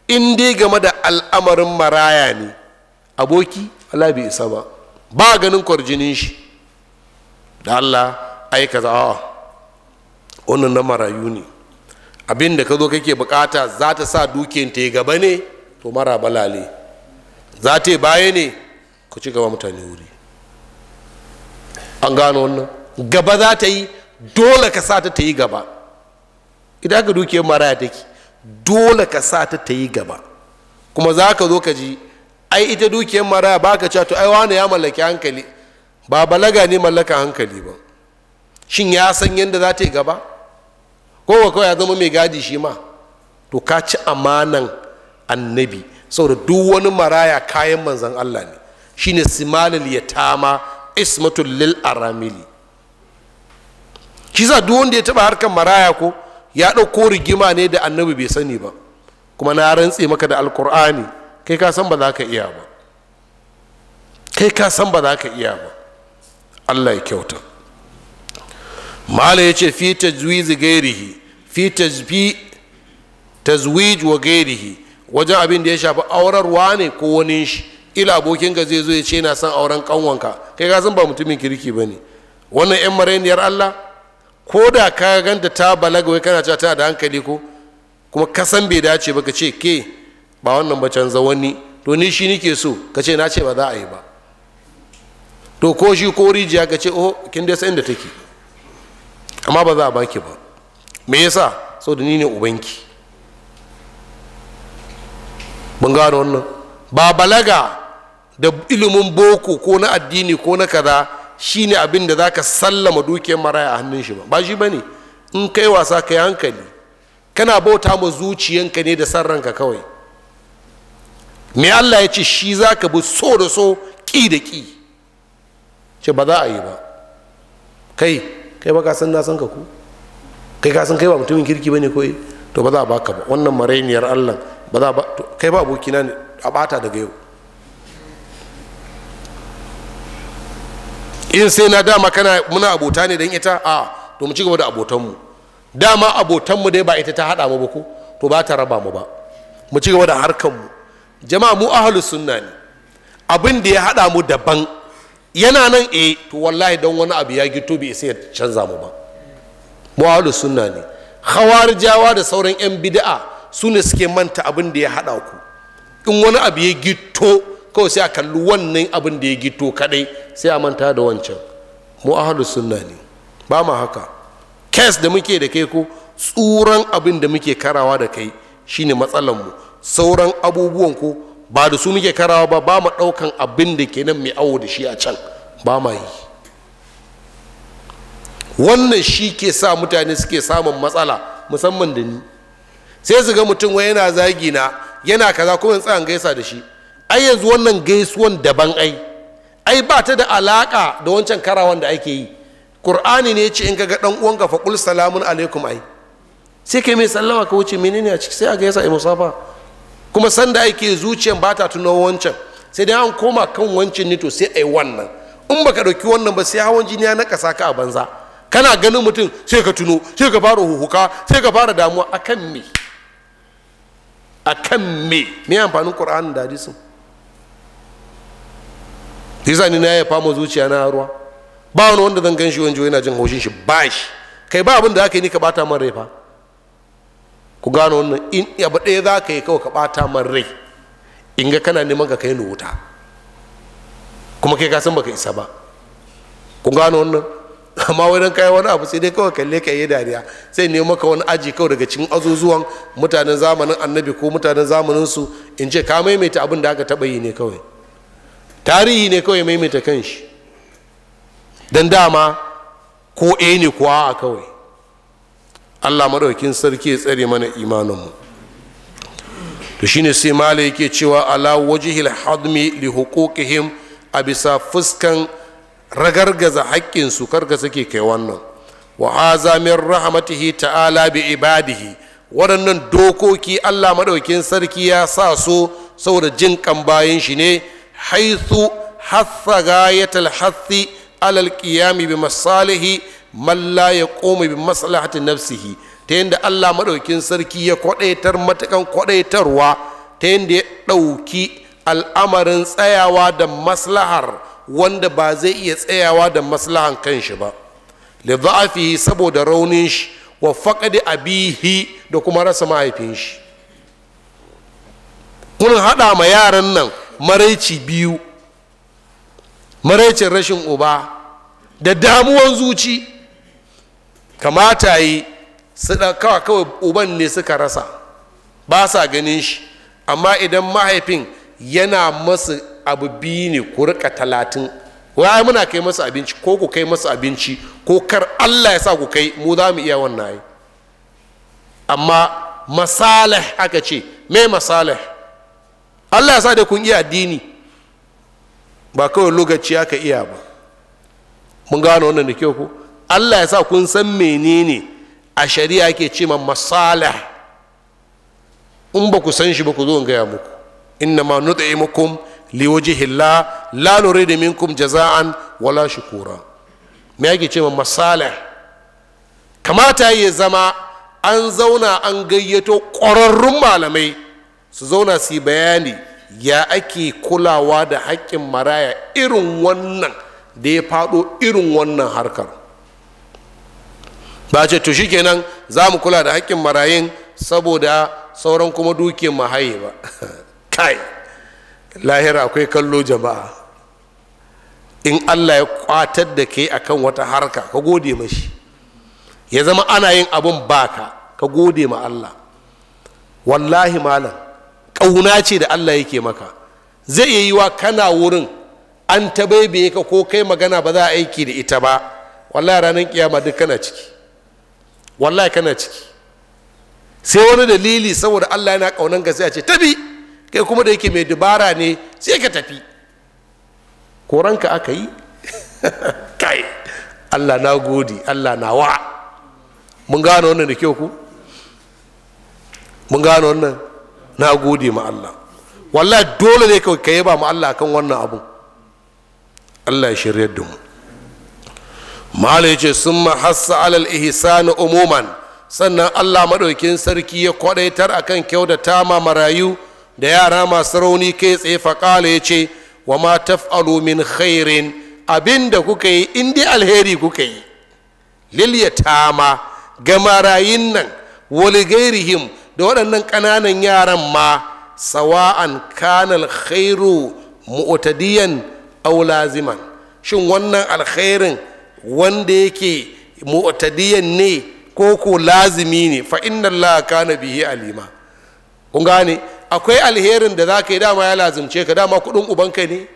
in dai game da al'amarin maraya ne aboki Allah bai isa ba ba ganin kwarjinin shi da Allah ai za a wannan na marayu ne abin da ka zo kake bukata za ta sa dukiyar ta yi gaba ne to mara balale za ta baya ne ku ci gaba mutane wuri an gano wannan gaba za ta yi dole ka sa ta ta yi gaba idan ka dukiyar maraya take dole ka sa ta ta yi gaba kuma za ka zo ka ji ai ita dukiyar maraya ba ka cewa to ai wani ya mallaki hankali ba balaga ne mallaka hankali ba shin ya san yadda za ta yi gaba ko kawai ya zama mai gadi shi ma to ka ci amanan annabi saboda duk wani maraya kayan manzan allah ne shine simalil yatama ismatul lil aramili shi duk wanda ya taba harkar maraya ko ya ɗauko rigima ne da annabi bai sani ba kuma na rantse maka da alkur'ani kai ka san ba za ka iya ba kai ka san ba za ka iya ba allah ya kyauta mala ya ce fi tajwiz gairihi fi tazwij wa gairihi wajen abin da ya shafi aurarwa ne ko wani shi ila abokin ka zai zo ya ce yana san auren kanwanka kai ka san ba mutumin kirki ba ne wannan yan marainiyar allah ko da ka ganta ta balaga wai kana cewa tana da hankali ko kuma kasan bai dace ba ka ce ke ba wannan ba canza wani to ni shi nike so ka ce na ce ba za a yi ba to ko shi ko rijiya ka ce oh kin dai san inda take amma ba za a baki ba me yasa da ni ne ubanki ban gano wannan ba balaga da ilimin boko ko na addini ko na kaza shine abin da zaka sallama dukiyar maraya a hannun shi ba ba shi bane in kai wasa kai hankali kana bauta ma zuciyanka ne da san kawai me allah ya ce shi za ka bi so da so ƙi da ƙi ce ba za a yi ba kai kai ba ka san na san ka ku kai ka san kai ba mutumin kirki ba ne koyi eh? to ba za a baka ba wannan marainiyar allah ba za ba, ba kai ba aboki na ne a bata daga yau in sai na dama kana muna abota ne don ita a to mu ci gaba da abotanmu dama abotanmu dai ba ita ta haɗa mu ba ko to ba ta raba mu ba mu ci gaba da harkanmu jama'a mu ahlus sunna ne abin da ya haɗa mu daban yana nan eh to wallahi don wani abu ya gito bai sai ya canza mu ba mu ahlus sunna ne khawarijawa da sauran yan bid'a su ne suke manta abin da ya haɗa ku in wani abu ya gito kawai sai a kalli wannan abin da ya gito kadai sai a manta da wancan mu ahlus sunna ne ba ma haka kes da muke da kai ko tsuran abin da muke karawa da kai shine matsalan mu sauran abubuwan ko ba da su muke karawa ba ba mu ɗaukan abin da ke nan mai awo da shi a can ba ma yi wannan shi ke sa mutane suke samun matsala musamman da ni sai su ga mutum wai yana zagi na yana kaza kuma in tsayan gaisa da shi ai yanzu wannan gaisuwan daban ai ai ba ta da alaka da wancan karawan da ake yi qur'ani ne ce in ga dan uwanka fa qul salamun alaikum ai sai kai mai sallama ka wuce menene a ciki sai a gaisa ai musafa kuma sanda ake zuciyan ba ta tuno wancan sai dai an koma kan wancan ne to sai ai wannan in baka dauki wannan ba sai hawan jini ya nakasa ka a banza kana ganin mutum sai ka tuno sai ka fara huhuka sai ka fara damuwa akan me akan me me amfanin qur'anin da hadisin yasa ni na ya fama zuciya na ruwa ba wani wanda zan gan shi wanjo yana jin haushin shi ba shi kai ba abin da aka yi ni ka bata man rai fa ku gano wannan in abu ɗaya za ka yi kawai ka ɓata man rai in ga kana neman ka kai ni wuta kuma kai ka san baka isa ba ku gano wannan amma wajen kai wani abu sai dai kawai kalle ka yi dariya sai nemo maka wani aji kawai daga cikin azuzuwan mutanen zamanin annabi ko mutanen zamanin su in ce ka maimaita abin da aka taɓa yi ne kawai tarihi ne kawai maimaita kanshi don dama ko A ne kuwa a kawai allah maɗaukin sarki ya tsare mana imaninmu to shine sai mala yake cewa ala wajihil hadmi li huquqihim a bisa fuskan ragargaza haƙƙinsu karka suke kai wannan wa haza min rahmatihi ta'ala bi ibadihi waɗannan dokoki allah maɗaukin sarki ya sa so saboda jin kan bayan shi ne haithu hatha gayatal hathi alal qiyami bi masalihi malla ya koma bi maslahati nafsihi ta yadda Allah maɗaukin sarki ya kwaɗaitar matakan kwaɗaitarwa ta yadda ya ɗauki al'amarin tsayawa da maslahar wanda ba zai iya tsayawa da maslahan kanshi ba li saboda raunin shi wa a bihi da kuma rasa mahaifin shi kun haɗa ma yaran nan maraici biyu maraicin rashin uba da damuwan zuci kamata yi su kawai uban ne suka rasa ba sa ganin shi amma idan mahaifin yana masu abu biyu ne ku rika talatin wai muna kai masu abinci ko ku kai masu abinci ko kar allah ya sa ku kai mu za mu iya wannan yi amma masalah aka ce me masalah allah ya sa da kun iya addini ba kawai lokaci aka iya ba mun gano wannan da kyau ko allah ya sa kun san menene a shari'a ke ce ma masalah in ba ku san shi ba ku zo in gaya muku inna ma nut'imukum liwajhillah la nuridu minkum jaza'an wala shukura me yake ce ma masalah kamata ya zama an zauna an gayyato ƙwararrun malamai su zauna su yi bayani ya ake kulawa da haƙƙin maraya irin wannan da ya faɗo irin wannan harkar ba ce to shikenan za mu kula da haƙƙin marayin saboda sauran kuma dukiyar mahaye ba kai lahira akwai kallo jama'a in allah ya kwatar da ke akan wata harka ka gode mashi ya zama ana yin abin baka ka gode ma allah wallahi malam ƙauna ce da allah yake maka zai yi wa kana wurin an tabaibaye ka ko kai magana ba za a aiki da ita ba wallahi ranar kiyama duk kana ciki wallahi kana ciki sai wani dalili saboda allah yana ƙaunan gaske a ce tafi kai kuma da yake mai dubara ne sai ka tafi koranka aka yi kai allah na gode allah na wa mun gano wannan da kyau ku mun gano wannan na gode ma allah wallahi dole ne ka yaba ma allah kan wannan abun allah ya shirya da mu ce sun summa hassa alal ihsani umuman sannan Allah maɗaukin sarki ya a kan kyau da tama marayu da yara masu rauni kai tsaye faƙala ya ce wa ma taf'alu min khairin abin da kuka yi in dai alheri kuka yi tama, ga marayun nan waligairihim da waɗannan ƙananan yaran ma sawa'an kanal khairu mu'tadiyan aw laziman shin wannan alkhairin wanda yake mu'tadiyan ne ko ko lazimi ne fa inna Allah kana bihi alima kun gane akwai alherin da zaka yi dama ya lazimce ka dama kudin ka ne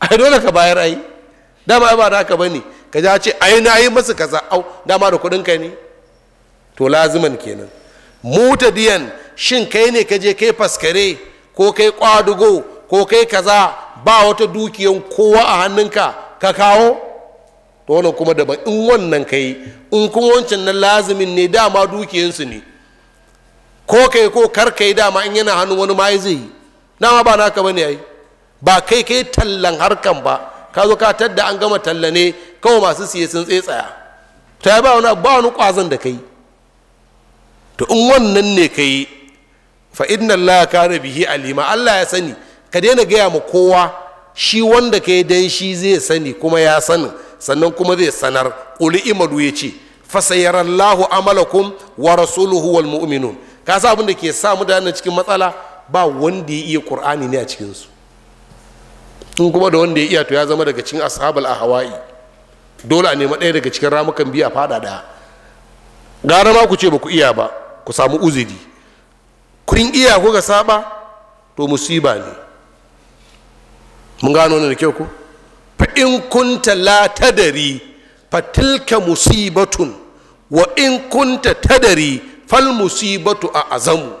ai dole ka bayar ai dama ba ba naka bane ka ja ce ai na yi masa kaza au dama da kudin ka ne to laziman kenan mutadiyan shin kai ne ka je kai faskare ko kai kwadugo ko kai kaza ba wata dukiyan kowa a hannunka ka kawo to wannan kuma daban in wannan kai in kuma wancan na lazimin ne dama dukiyansu ne ko kai ko kar kai dama in yana hannu wani ma zai yi dama ba naka bane yayi ba kai kai tallan harkan ba ka zo ka tadda an gama talla ne kawai masu siye sun tsaya ta ba wani ba wani kwazon da kai to in wannan ne kai fa inna allaha kana bihi alima allah ya sani ka daina gaya ma kowa shi wanda ka yi dan shi zai sani kuma ya sanin sannan kuma zai sanar Imadu ya ce fasayyarar fasayarallahu amalakum wa rasuluhu wal mu'minun ka sa abin ke sa mutanen cikin matsala ba wanda ya iya ƙur'ani ne a cikinsu. Tun in kuma da wanda ya iya to ya zama daga cikin a Hawaii dole a nema ɗaya daga cikin ramukan biya fada da. gara ma ku ce ba ku iya ba ku samu uzuri kun iya ga saba to musiba ne mun gano ne da kyau ku fa in kunta la tadari fa tilka musibatun wa in kunta tadari fal musibatu a azamu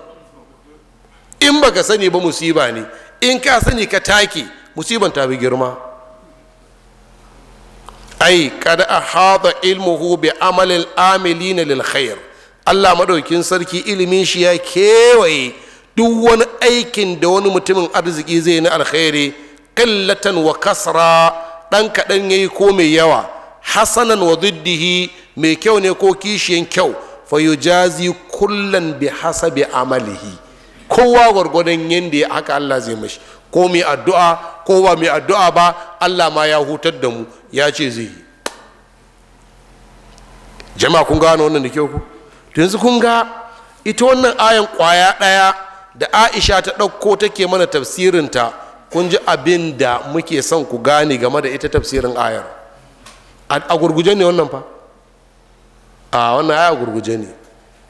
in baka sani ba musiba ne in ka sani ka take musiban ta bi girma ai kada a haɗa ilmu bi amalin amilina lil khair allah maɗaukin sarki ilimin shi ya kewaye duk wani aikin da wani mutumin arziki zai na alkhairi qillatan wa kasra ɗan kaɗan ya yi ko mai yawa hasanan wa ziddihi mai kyau ne ko kishiyan kyau fa jazi kullan bi hasabi amalihi kowa gwargwadon yadda ya haka Allah zai mashi ko mai addu'a ko ba mai addu'a ba Allah ma ya hutar da mu ya ce zai yi jama'a kun gano wannan da kyau ku to yanzu kun ga ita wannan ayan kwaya ɗaya da Aisha ta ɗauko take mana tafsirinta ta kun ji abin da muke son ku gane game da ita tafsirin ayar a gurguje ne wannan fa a wannan aya gurguje ne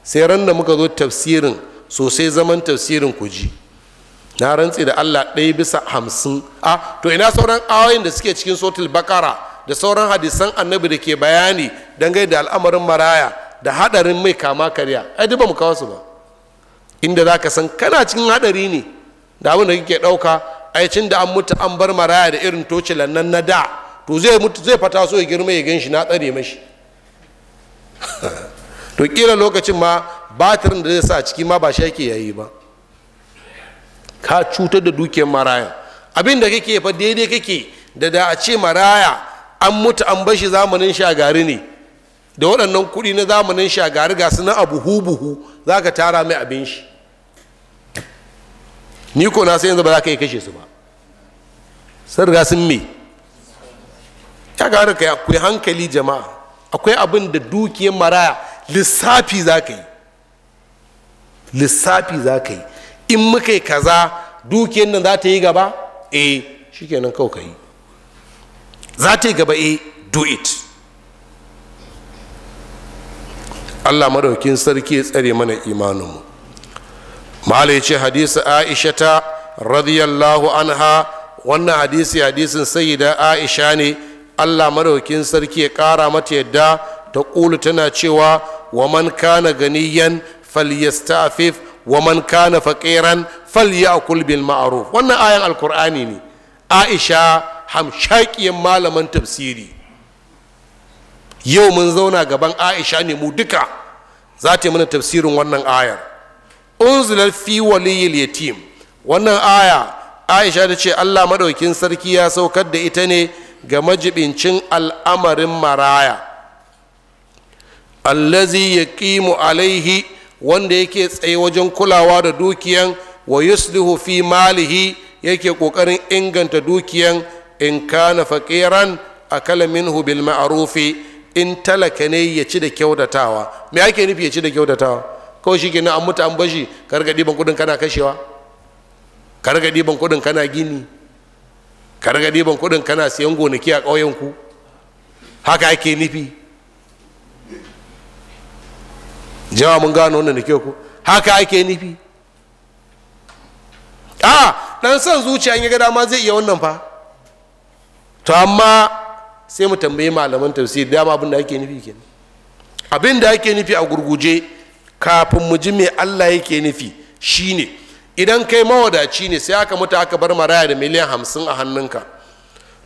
sai ran da muka zo tafsirin sosai zaman tafsirin ku ji na rantse da allah ɗaya bisa hamsin a to ina sauran ayoyin da suke cikin sotul bakara da sauran hadisan annabi da ke bayani dangane da al'amarin maraya da haɗarin mai kama karya ai duk ba mu kawo su ba inda za ka san kana cikin haɗari ne da abin da kake ɗauka aicin da an mutu an bar maraya da irin tocilan nan na da to zai mutu zai fata so ya girma ya ganshi na tsare mashi to kira lokacin ma batirin da zai sa ciki ma ba shi yake yayi ba ka cutar da dukiyar maraya abin da kake fa daidai kake da da a ce maraya an mutu an bashi zamanin shagari ne da waɗannan kuɗi na zamanin shagari ga su na abu buhu za ka tara mai abin shi ni ko na sai yanzu ba za ka yi kashe su ba sun riga sun me ya da ka akwai hankali jama'a akwai abin da dukiyar maraya lissafi za ka yi lissafi za ka yi in muka yi kaza dukiyar nan za ta yi gaba eh shikenan kawai ka yi za ta yi gaba eh do it allah madaukin sarki ya tsare mana imaninmu malai ce hadisi aisha ta radiyallahu anha wannan hadisi hadisin sayida aisha ne allah maraukin sarki ya kara mata yadda ta kulu tana cewa wa man kana ganiyan falyastafif wa man kana faqiran falyakul bil ma'ruf wannan ayan alkur'ani ne aisha hamshakiyan malaman tafsiri yau mun zauna gaban aisha ne mu duka za ta yi mana tafsirin wannan ayar unzilar fi waliyil yatim wannan aya aisha ta ce allah maɗaukin sarki ya saukar da ita ne ga majibincin al'amarin maraya allazi ya ƙimu alaihi wanda yake tsaye wajen kulawa da dukiyan wa yuslihu fi malihi yake ƙoƙarin inganta dukiyan in kana faƙiran a kalaminhu bil ma'arufi in talaka ne ya ci da kyautatawa me ake nufi ya ci da kyautatawa kawai shi ke an mutu an bashi ka riga ɗiban kuɗin kana kashewa ka riga ɗiban kuɗin kana gini ka riga ɗiban kuɗin kana siyan gonaki a ƙauyenku haka ake nufi jawa mun gano wannan da kyau ku haka ake nufi a ɗan son zuciya ya ga dama zai iya wannan fa to amma sai mu tambayi malaman tafsir dama abin da ake nufi kenan abin da ake nufi a gurguje kafin mu ji me allah yake nufi shi ne idan kai mawadaci ne sai aka mutu aka bar maraya da miliyan hamsin a hannunka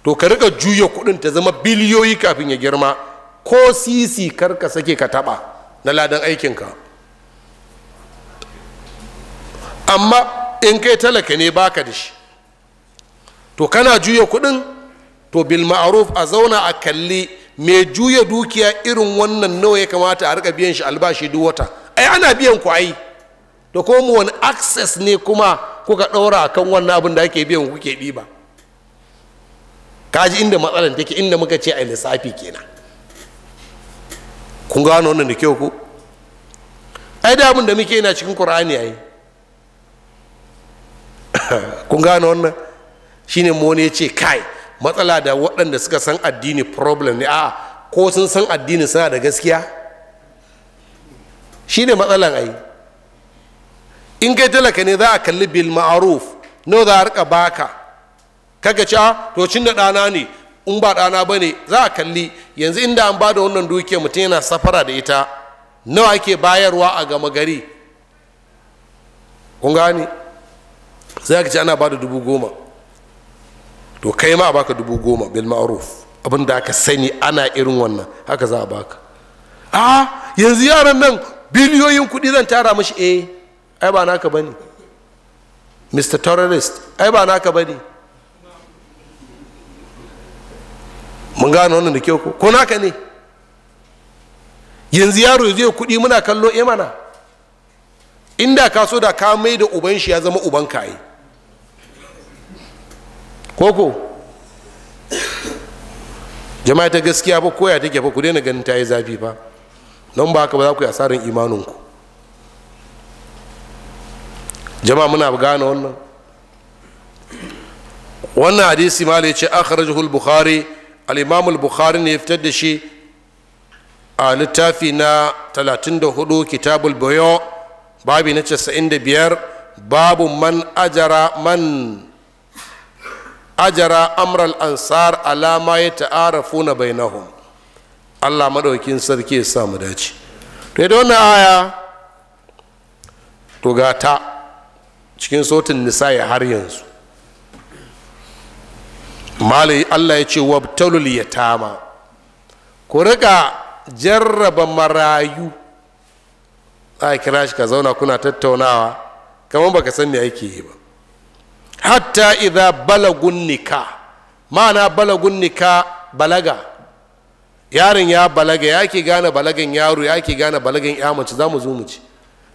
to ka rika juya kudin ta zama biliyoyi kafin ya girma ko sisi kar ka sake ka taba na ladan aikinka amma in kai talaka ne baka da shi to kana juya kudin to bil ma'ruf a zauna a kalli mai juya dukiya irin wannan nawa ya kamata a rika biyan shi albashi duk wata ai ana biyan ku ai da ko mu wani access ne kuma kuka ɗaura a kan wannan abin da ake biyan kuke ɗiba kaji inda matsalar take inda muka ce a lissafi kenan kun gano wannan da kyau ku ai da abin da muke yana cikin qur'ani ai kun gano wannan shine mu wani ya ce kai matsala da waɗanda suka san addini problem ne a ko sun san addini suna da gaskiya shi ne matsalan ai in kai talaka ne za a kalli bil ma'aruf no za a rika baka kaga ci ah, to cin da ɗana ne in ba ɗana ba ne za a kalli yanzu inda an ba da wannan dukiyar mutum yana safara da ita nawa ake bayarwa a gama gari kun gani sai ka ce ana ba da dubu goma to kai ma a baka dubu goma bil ma'aruf abin da aka sani ana irin wannan haka za a baka a ah, yanzu yaran nan biliyoyin kuɗi zan tara mashi eh ai ba naka bane mr terrorist ai ba naka bane mun gane wannan da ke ko ko naka ne yanzu yaro zai kuɗi muna kallo eh mana inda ka so da ka mai da uban shi ya zama uban ka yi koko jama'a ta gaskiya ba koya take fa ku daina ganin ta yi zafi fa nan ba haka ba za ku yi asarin imaninku jama'a muna gane wannan wannan hadisi ma ce akhrajahu al-bukhari al-imam al-bukhari ne ya fitar da shi a littafi na 34 kitabul bayo babi na 95 babu man ajara man ajara amral ansar alama ya taarafu na bainahum allah maɗaukin sarki ya sa mu dace to da wannan aya to ga cikin sautin nisa'i har yanzu malai allah ya ce wabtalul tama. ku riƙa jarraba marayu za a kira shi ka zauna kuna tattaunawa kamar baka san me ake yi ba hatta idza balagun nika ma'ana balagun nika balaga yaron ya balaga ya ke gane balagan yaro ya ke gane balagan ya mace za mu zo mu ci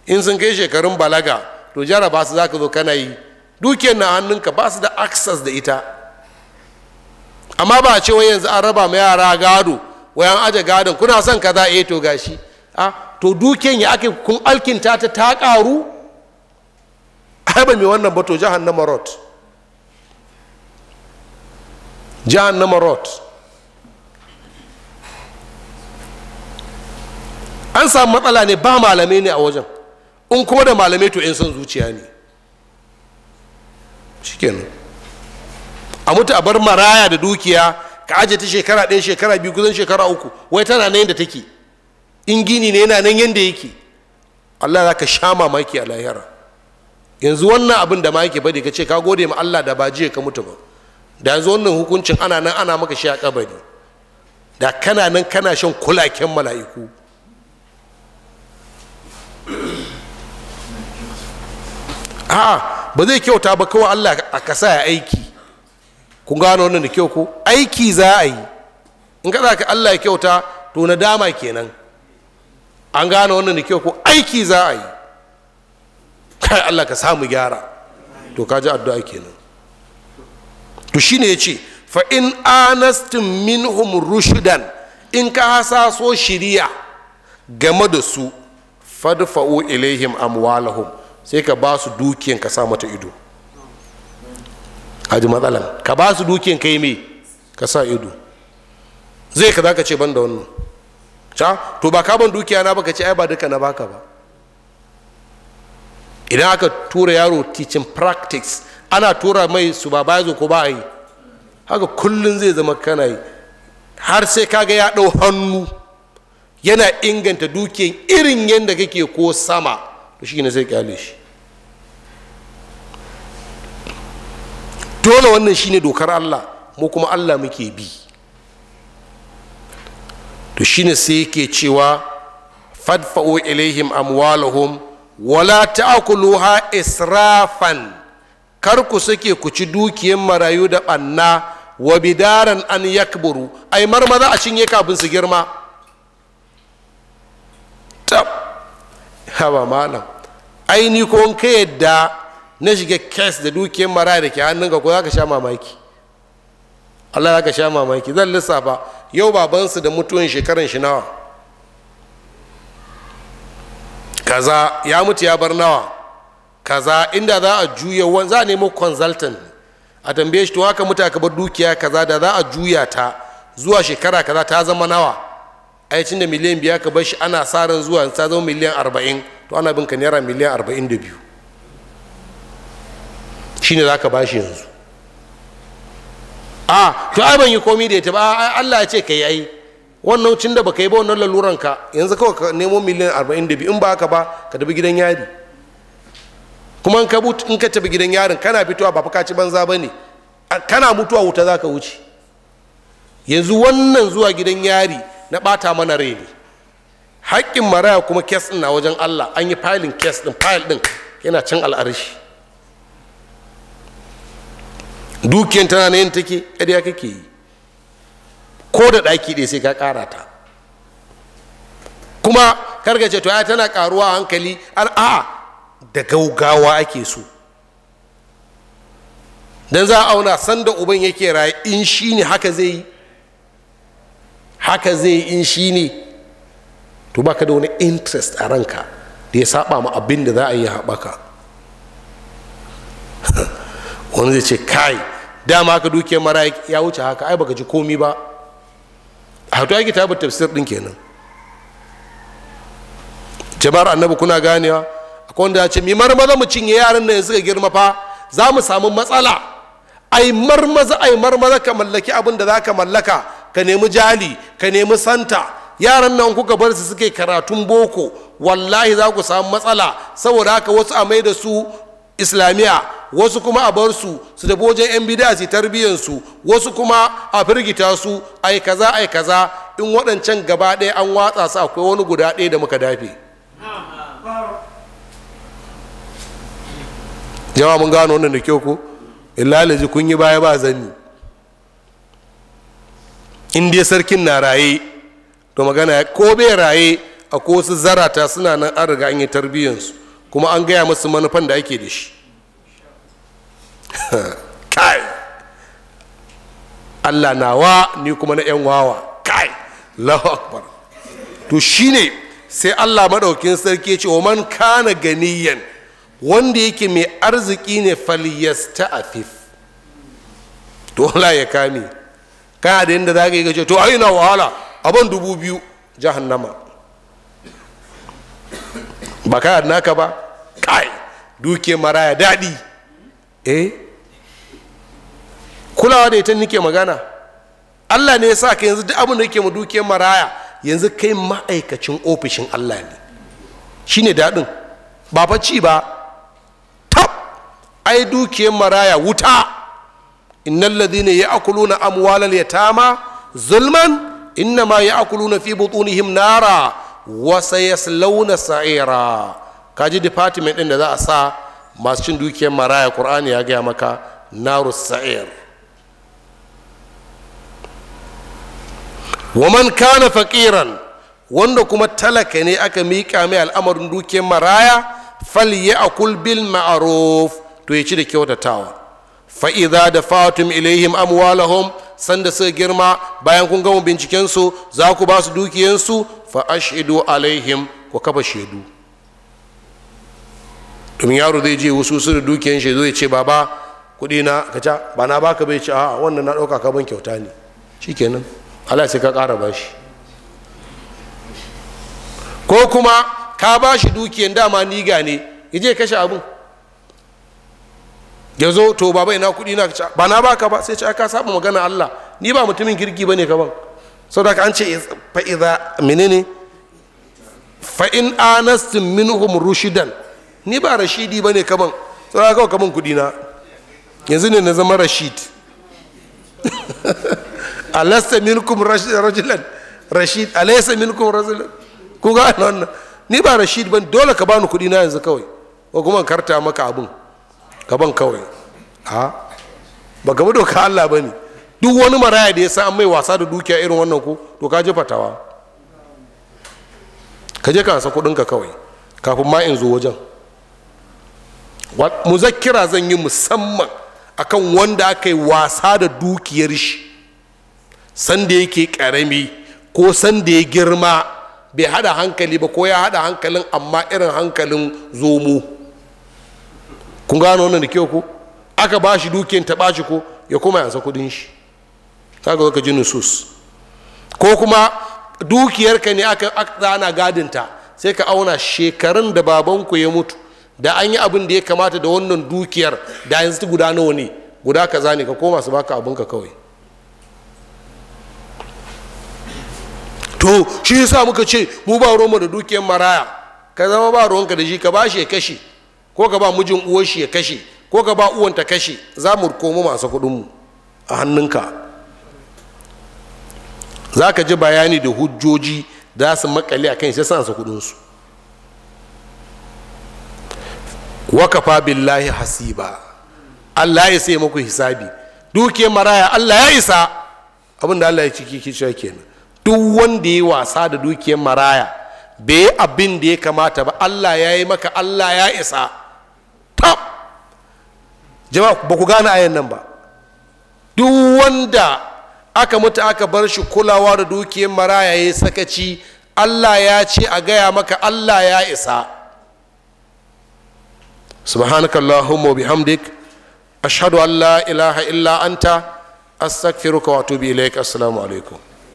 in sun kai shekarun balaga to jaraba su za ka zo kana yi dukiyar na hannunka ba su da access da ita amma ba ce wai yanzu an raba ma yara gado an aje gadon kuna son kaza eh to gashi a to dukiyar ya ake kun alkinta ta ta karu ai ba mai wannan ba to jahannama rot jahannama rot an samu matsala ne ba malamai ne a wajen in kuma da malamai to in son zuciya ne shikenan a mutu a bar maraya da dukiya ka aje ta shekara ɗaya shekara biyu kusan shekara uku wai tana nan yadda take in gini ne yana nan yadda yake allah za ka sha mamaki a lahira yanzu wannan abin da ma yake bade ka ce ka gode ma allah da ba jiya ka mutu ba da yanzu wannan hukuncin ana nan ana maka shi a kabari da kana nan kana shan kulaken mala'iku a'a ba zai kyauta ba kawai allah a kasa ya aiki kun gano wannan da kyau ko aiki za a yi in ka ka allah ya kyauta to na dama kenan an gano wannan da kyau ko aiki za a yi kai allah ka samu gyara to ka ji addu'a kenan to shine ya ce fa in anastin minhum rushdan in ka hasaso shiriya game da su fadfa'u ilaihim amwalahum sai ka ba su dukiyan ka sa mata ido haji matsalan ka ba su dukiyan yi mai ka sa ido zai ka zaka ce ban da wannan ca to ba ka ban dukiya na baka ce ai ba duka na baka ba idan aka tura yaro teaching practice ana tura mai su ba ba ko ba yi haka kullum zai zama kana yi har sai kaga ya ɗau hannu yana inganta dukiyar irin yadda kake ko sama to shi ne zai kyale shi dole wannan ne dokar allah mu kuma allah muke bi to ne sai yake cewa fadfa'u ilaihim amwalahum wala ta'kuluha israfan kar ku sake ku ci dukiyar marayu da banna wa bidaran an yakburu ai marmaza a cinye kafin su girma tab haba malam aini ko in ka yadda na shiga kes da dukiyar mara da ke hannunka ko za ka sha mamaki allah za ka sha mamaki zan lissafa yau babansu da mutuwan shekaran shi nawa kaza ya mutu ya bar nawa kaza inda za a juya wani za a nemo consultant a tambaye shi to haka mutu aka bar dukiya kaza da za a juya ta zuwa shekara kaza ta zama nawa ai da miliyan biya ka bashi ana tsarin zuwa ta zama miliyan arba'in to ana bin ka naira miliyan arba'in da biyu shi ne za ka bashi yanzu a to ai ban yi komi da ita ba Allah ya ce ka yi ai wannan cin da baka yi ba wannan laluran ka yanzu kawai ka nemo miliyan arba'in da biyu in ba haka ba ka tafi gidan yari kuma in ka in ka tafi gidan yarin kana fitowa ba fuka ci banza ba ne kana mutuwa wuta za ka wuce yanzu wannan zuwa gidan yari na bata mana raini haƙƙin maraya kuma kes ɗin na wajen allah an yi filin kes ɗin fayil ɗin yana cin al'arishi dukiyar tana na yin take ƙarya kake yi ko da ɗaki ɗaya sai ka ƙara ta kuma ce to ya tana ƙaruwa hankali al'a da gaugawa ake so don za a auna sanda uban yake raye in shi ne haka zai yi haka zai in shi ne to baka da wani interest a ranka da ya saba ma abin da za a yi haɓaka wani zai ce kai dama haka duke mara ya wuce haka ai baka ji komi ba a hatu ya kitabar tafsir ɗin kenan jama'ar annabi kuna ganewa akwai wanda ya ce mi marmaza mu cinye yaran nan suka girma fa za mu samu matsala ai marmaza ai marmaza ka mallaki abin da za ka mallaka ka nemi jali ka nemi santa yaran nan kuka bar su suke karatun boko wallahi za ku samu matsala saboda haka wasu a mai da su islamiyya wasu kuma a bar su su da bojan yan bida su tarbiyyar su wasu kuma a firgita su ai kaza ai kaza in waɗancan gaba ɗaya an watsa su akwai wani guda ɗaya da muka dafe jama'a mun gano wannan da kyau ko illa kun yi baya ba zanni in dai sarkin na raye to magana ko bai raye a ko su zarata suna nan an riga an yi tarbiyyansu kuma an gaya masu manufan da ake da shi kai allah nawa ni kuma na 'yan wawa kai lahu akbar to shine sai allah maɗaukin sarki ce wa man kana ganiyan wanda yake mai arziki ne falyasta afif to allah ya kame ka da yadda za ka yi gace to ai na wahala abin dubu biyu jahannama ba ka naka ba kai duke maraya daɗi eh kulawa da ita nike magana allah ne ya sa ka yanzu duk abin da yake ma duke maraya yanzu kai ma'aikacin ofishin allah ne shi ne daɗin ba fa ci ba tab ai dukiyar maraya wuta innal ladhina ya'kuluna amwalal tama zulman innama na fi butunihim nara wa sayaslawna sa'ira kaji department din da za a sa masu cin dukiyar maraya qur'ani ya gaya maka naru sa'ir waman kana faqiran wanda kuma talaka ne aka miƙa mai al'amarin dukiyar maraya fal ya akul bil ma'ruf to ya ci da kyautatawa fa'iza da fatum ilayhim amwalahum sanda suka girma bayan kun gama bincikensu za ku ba su dukiyansu fa’ashidu ashidu alaihim ku kafa shaidu domin yaro zai je wasu su da dukiyan shaidu ya ce baba kudi na ka ca ba na baka bai ce a wannan na ɗauka kaban kyauta ne kenan Ala sai ka ƙara ba shi ko kuma ka ba shi dukiyan dama niga ne ya je kashe abin ya zo to baba ina kudi na ba na baka ba sai ce ka saba magana Allah ni ba mutumin girki bane kaban saboda ka an ce fa idza menene fa in anast minhum rushidan ni ba rashidi bane kaban saboda ka kaman kudi na yanzu ne na zama rashid alasta minkum rajulan rashid alaysa minkum rajulan ku ga wannan ni ba rashid ban dole ka bani kudi na yanzu kawai ko kuma karta maka abun gaban kawai ha ba gaba doka Allah ba ne duk wani maraya da ya sa an mai wasa da dukiya irin wannan ko to ka je fatawa ka je ka ansa kuɗinka kawai kafin ma in zo wajen muzakkira zan yi musamman akan wanda aka yi wasa da dukiyar shi sanda yake karami ko sanda ya girma bai hada hankali ba ko ya hada hankalin amma irin hankalin zomo kun gano wannan da kyau ko aka ba shi dukiyar ta ɓaci ko ya kuma yansa kudin shi kaga ka ji nusus ko kuma dukiyar ka ne aka ana gadinta sai ka auna shekarun da babanku ya mutu da an yi abin da ya kamata da wannan dukiyar da yanzu guda nawa ne guda kaza ne ka koma su baka abinka kawai to shi yasa muka ce mu ba Roma da dukiyar maraya ka zama ba ruwanka da shi ka bashi ya kashe ko ka ba mijin uwan shi ya kashe ko ka ba uwan kashe za mu komo masu kuɗin mu a hannunka za ka ji bayani da hujjoji da su makale a kan shi sa su kuɗin su wakafa billahi hasiba Allah ya sai muku hisabi duke maraya Allah ya isa abin da Allah ya ciki ki kenan duk wanda ya wasa da dukiyar maraya bai abin da ya kamata ba Allah ya yi maka Allah ya isa pam jama'a ba ku gane ayan nan ba duk wanda aka mutu aka bar shi kulawa da dukiyar maraya ya sakaci allah ya ce a gaya maka allah ya isa subhanakallahumma bihamdik ashhadu an la ilaha illa anta astaghfiruka wa atubu ilaik assalamu alaikum